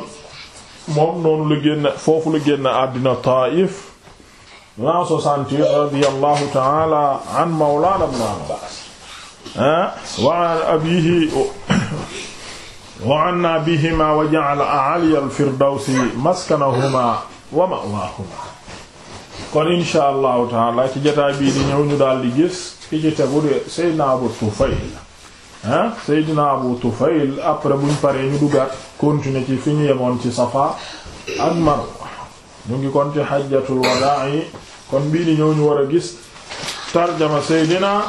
moom noonu la génn foofu la génn àddina Taif la 68 radiyallahu ta'ala an Mawlana Ibn Abbas Ah, waan abihi wa anna bihima wa ja'ala a'ali al-firdawsi maskanahuma wa ma'wahuma kon insha allahu taala ci jotaay bii di ñëw ñu daal di gis ki ci tegu Tufayl ah Seydina Abu Tufayl après buñ paree ñu duggaat continuer ci fi ñu yemoon ci Safa ñu kon ci hajjatul wadaa yi kon bii di ñu war gis tarjama Seydina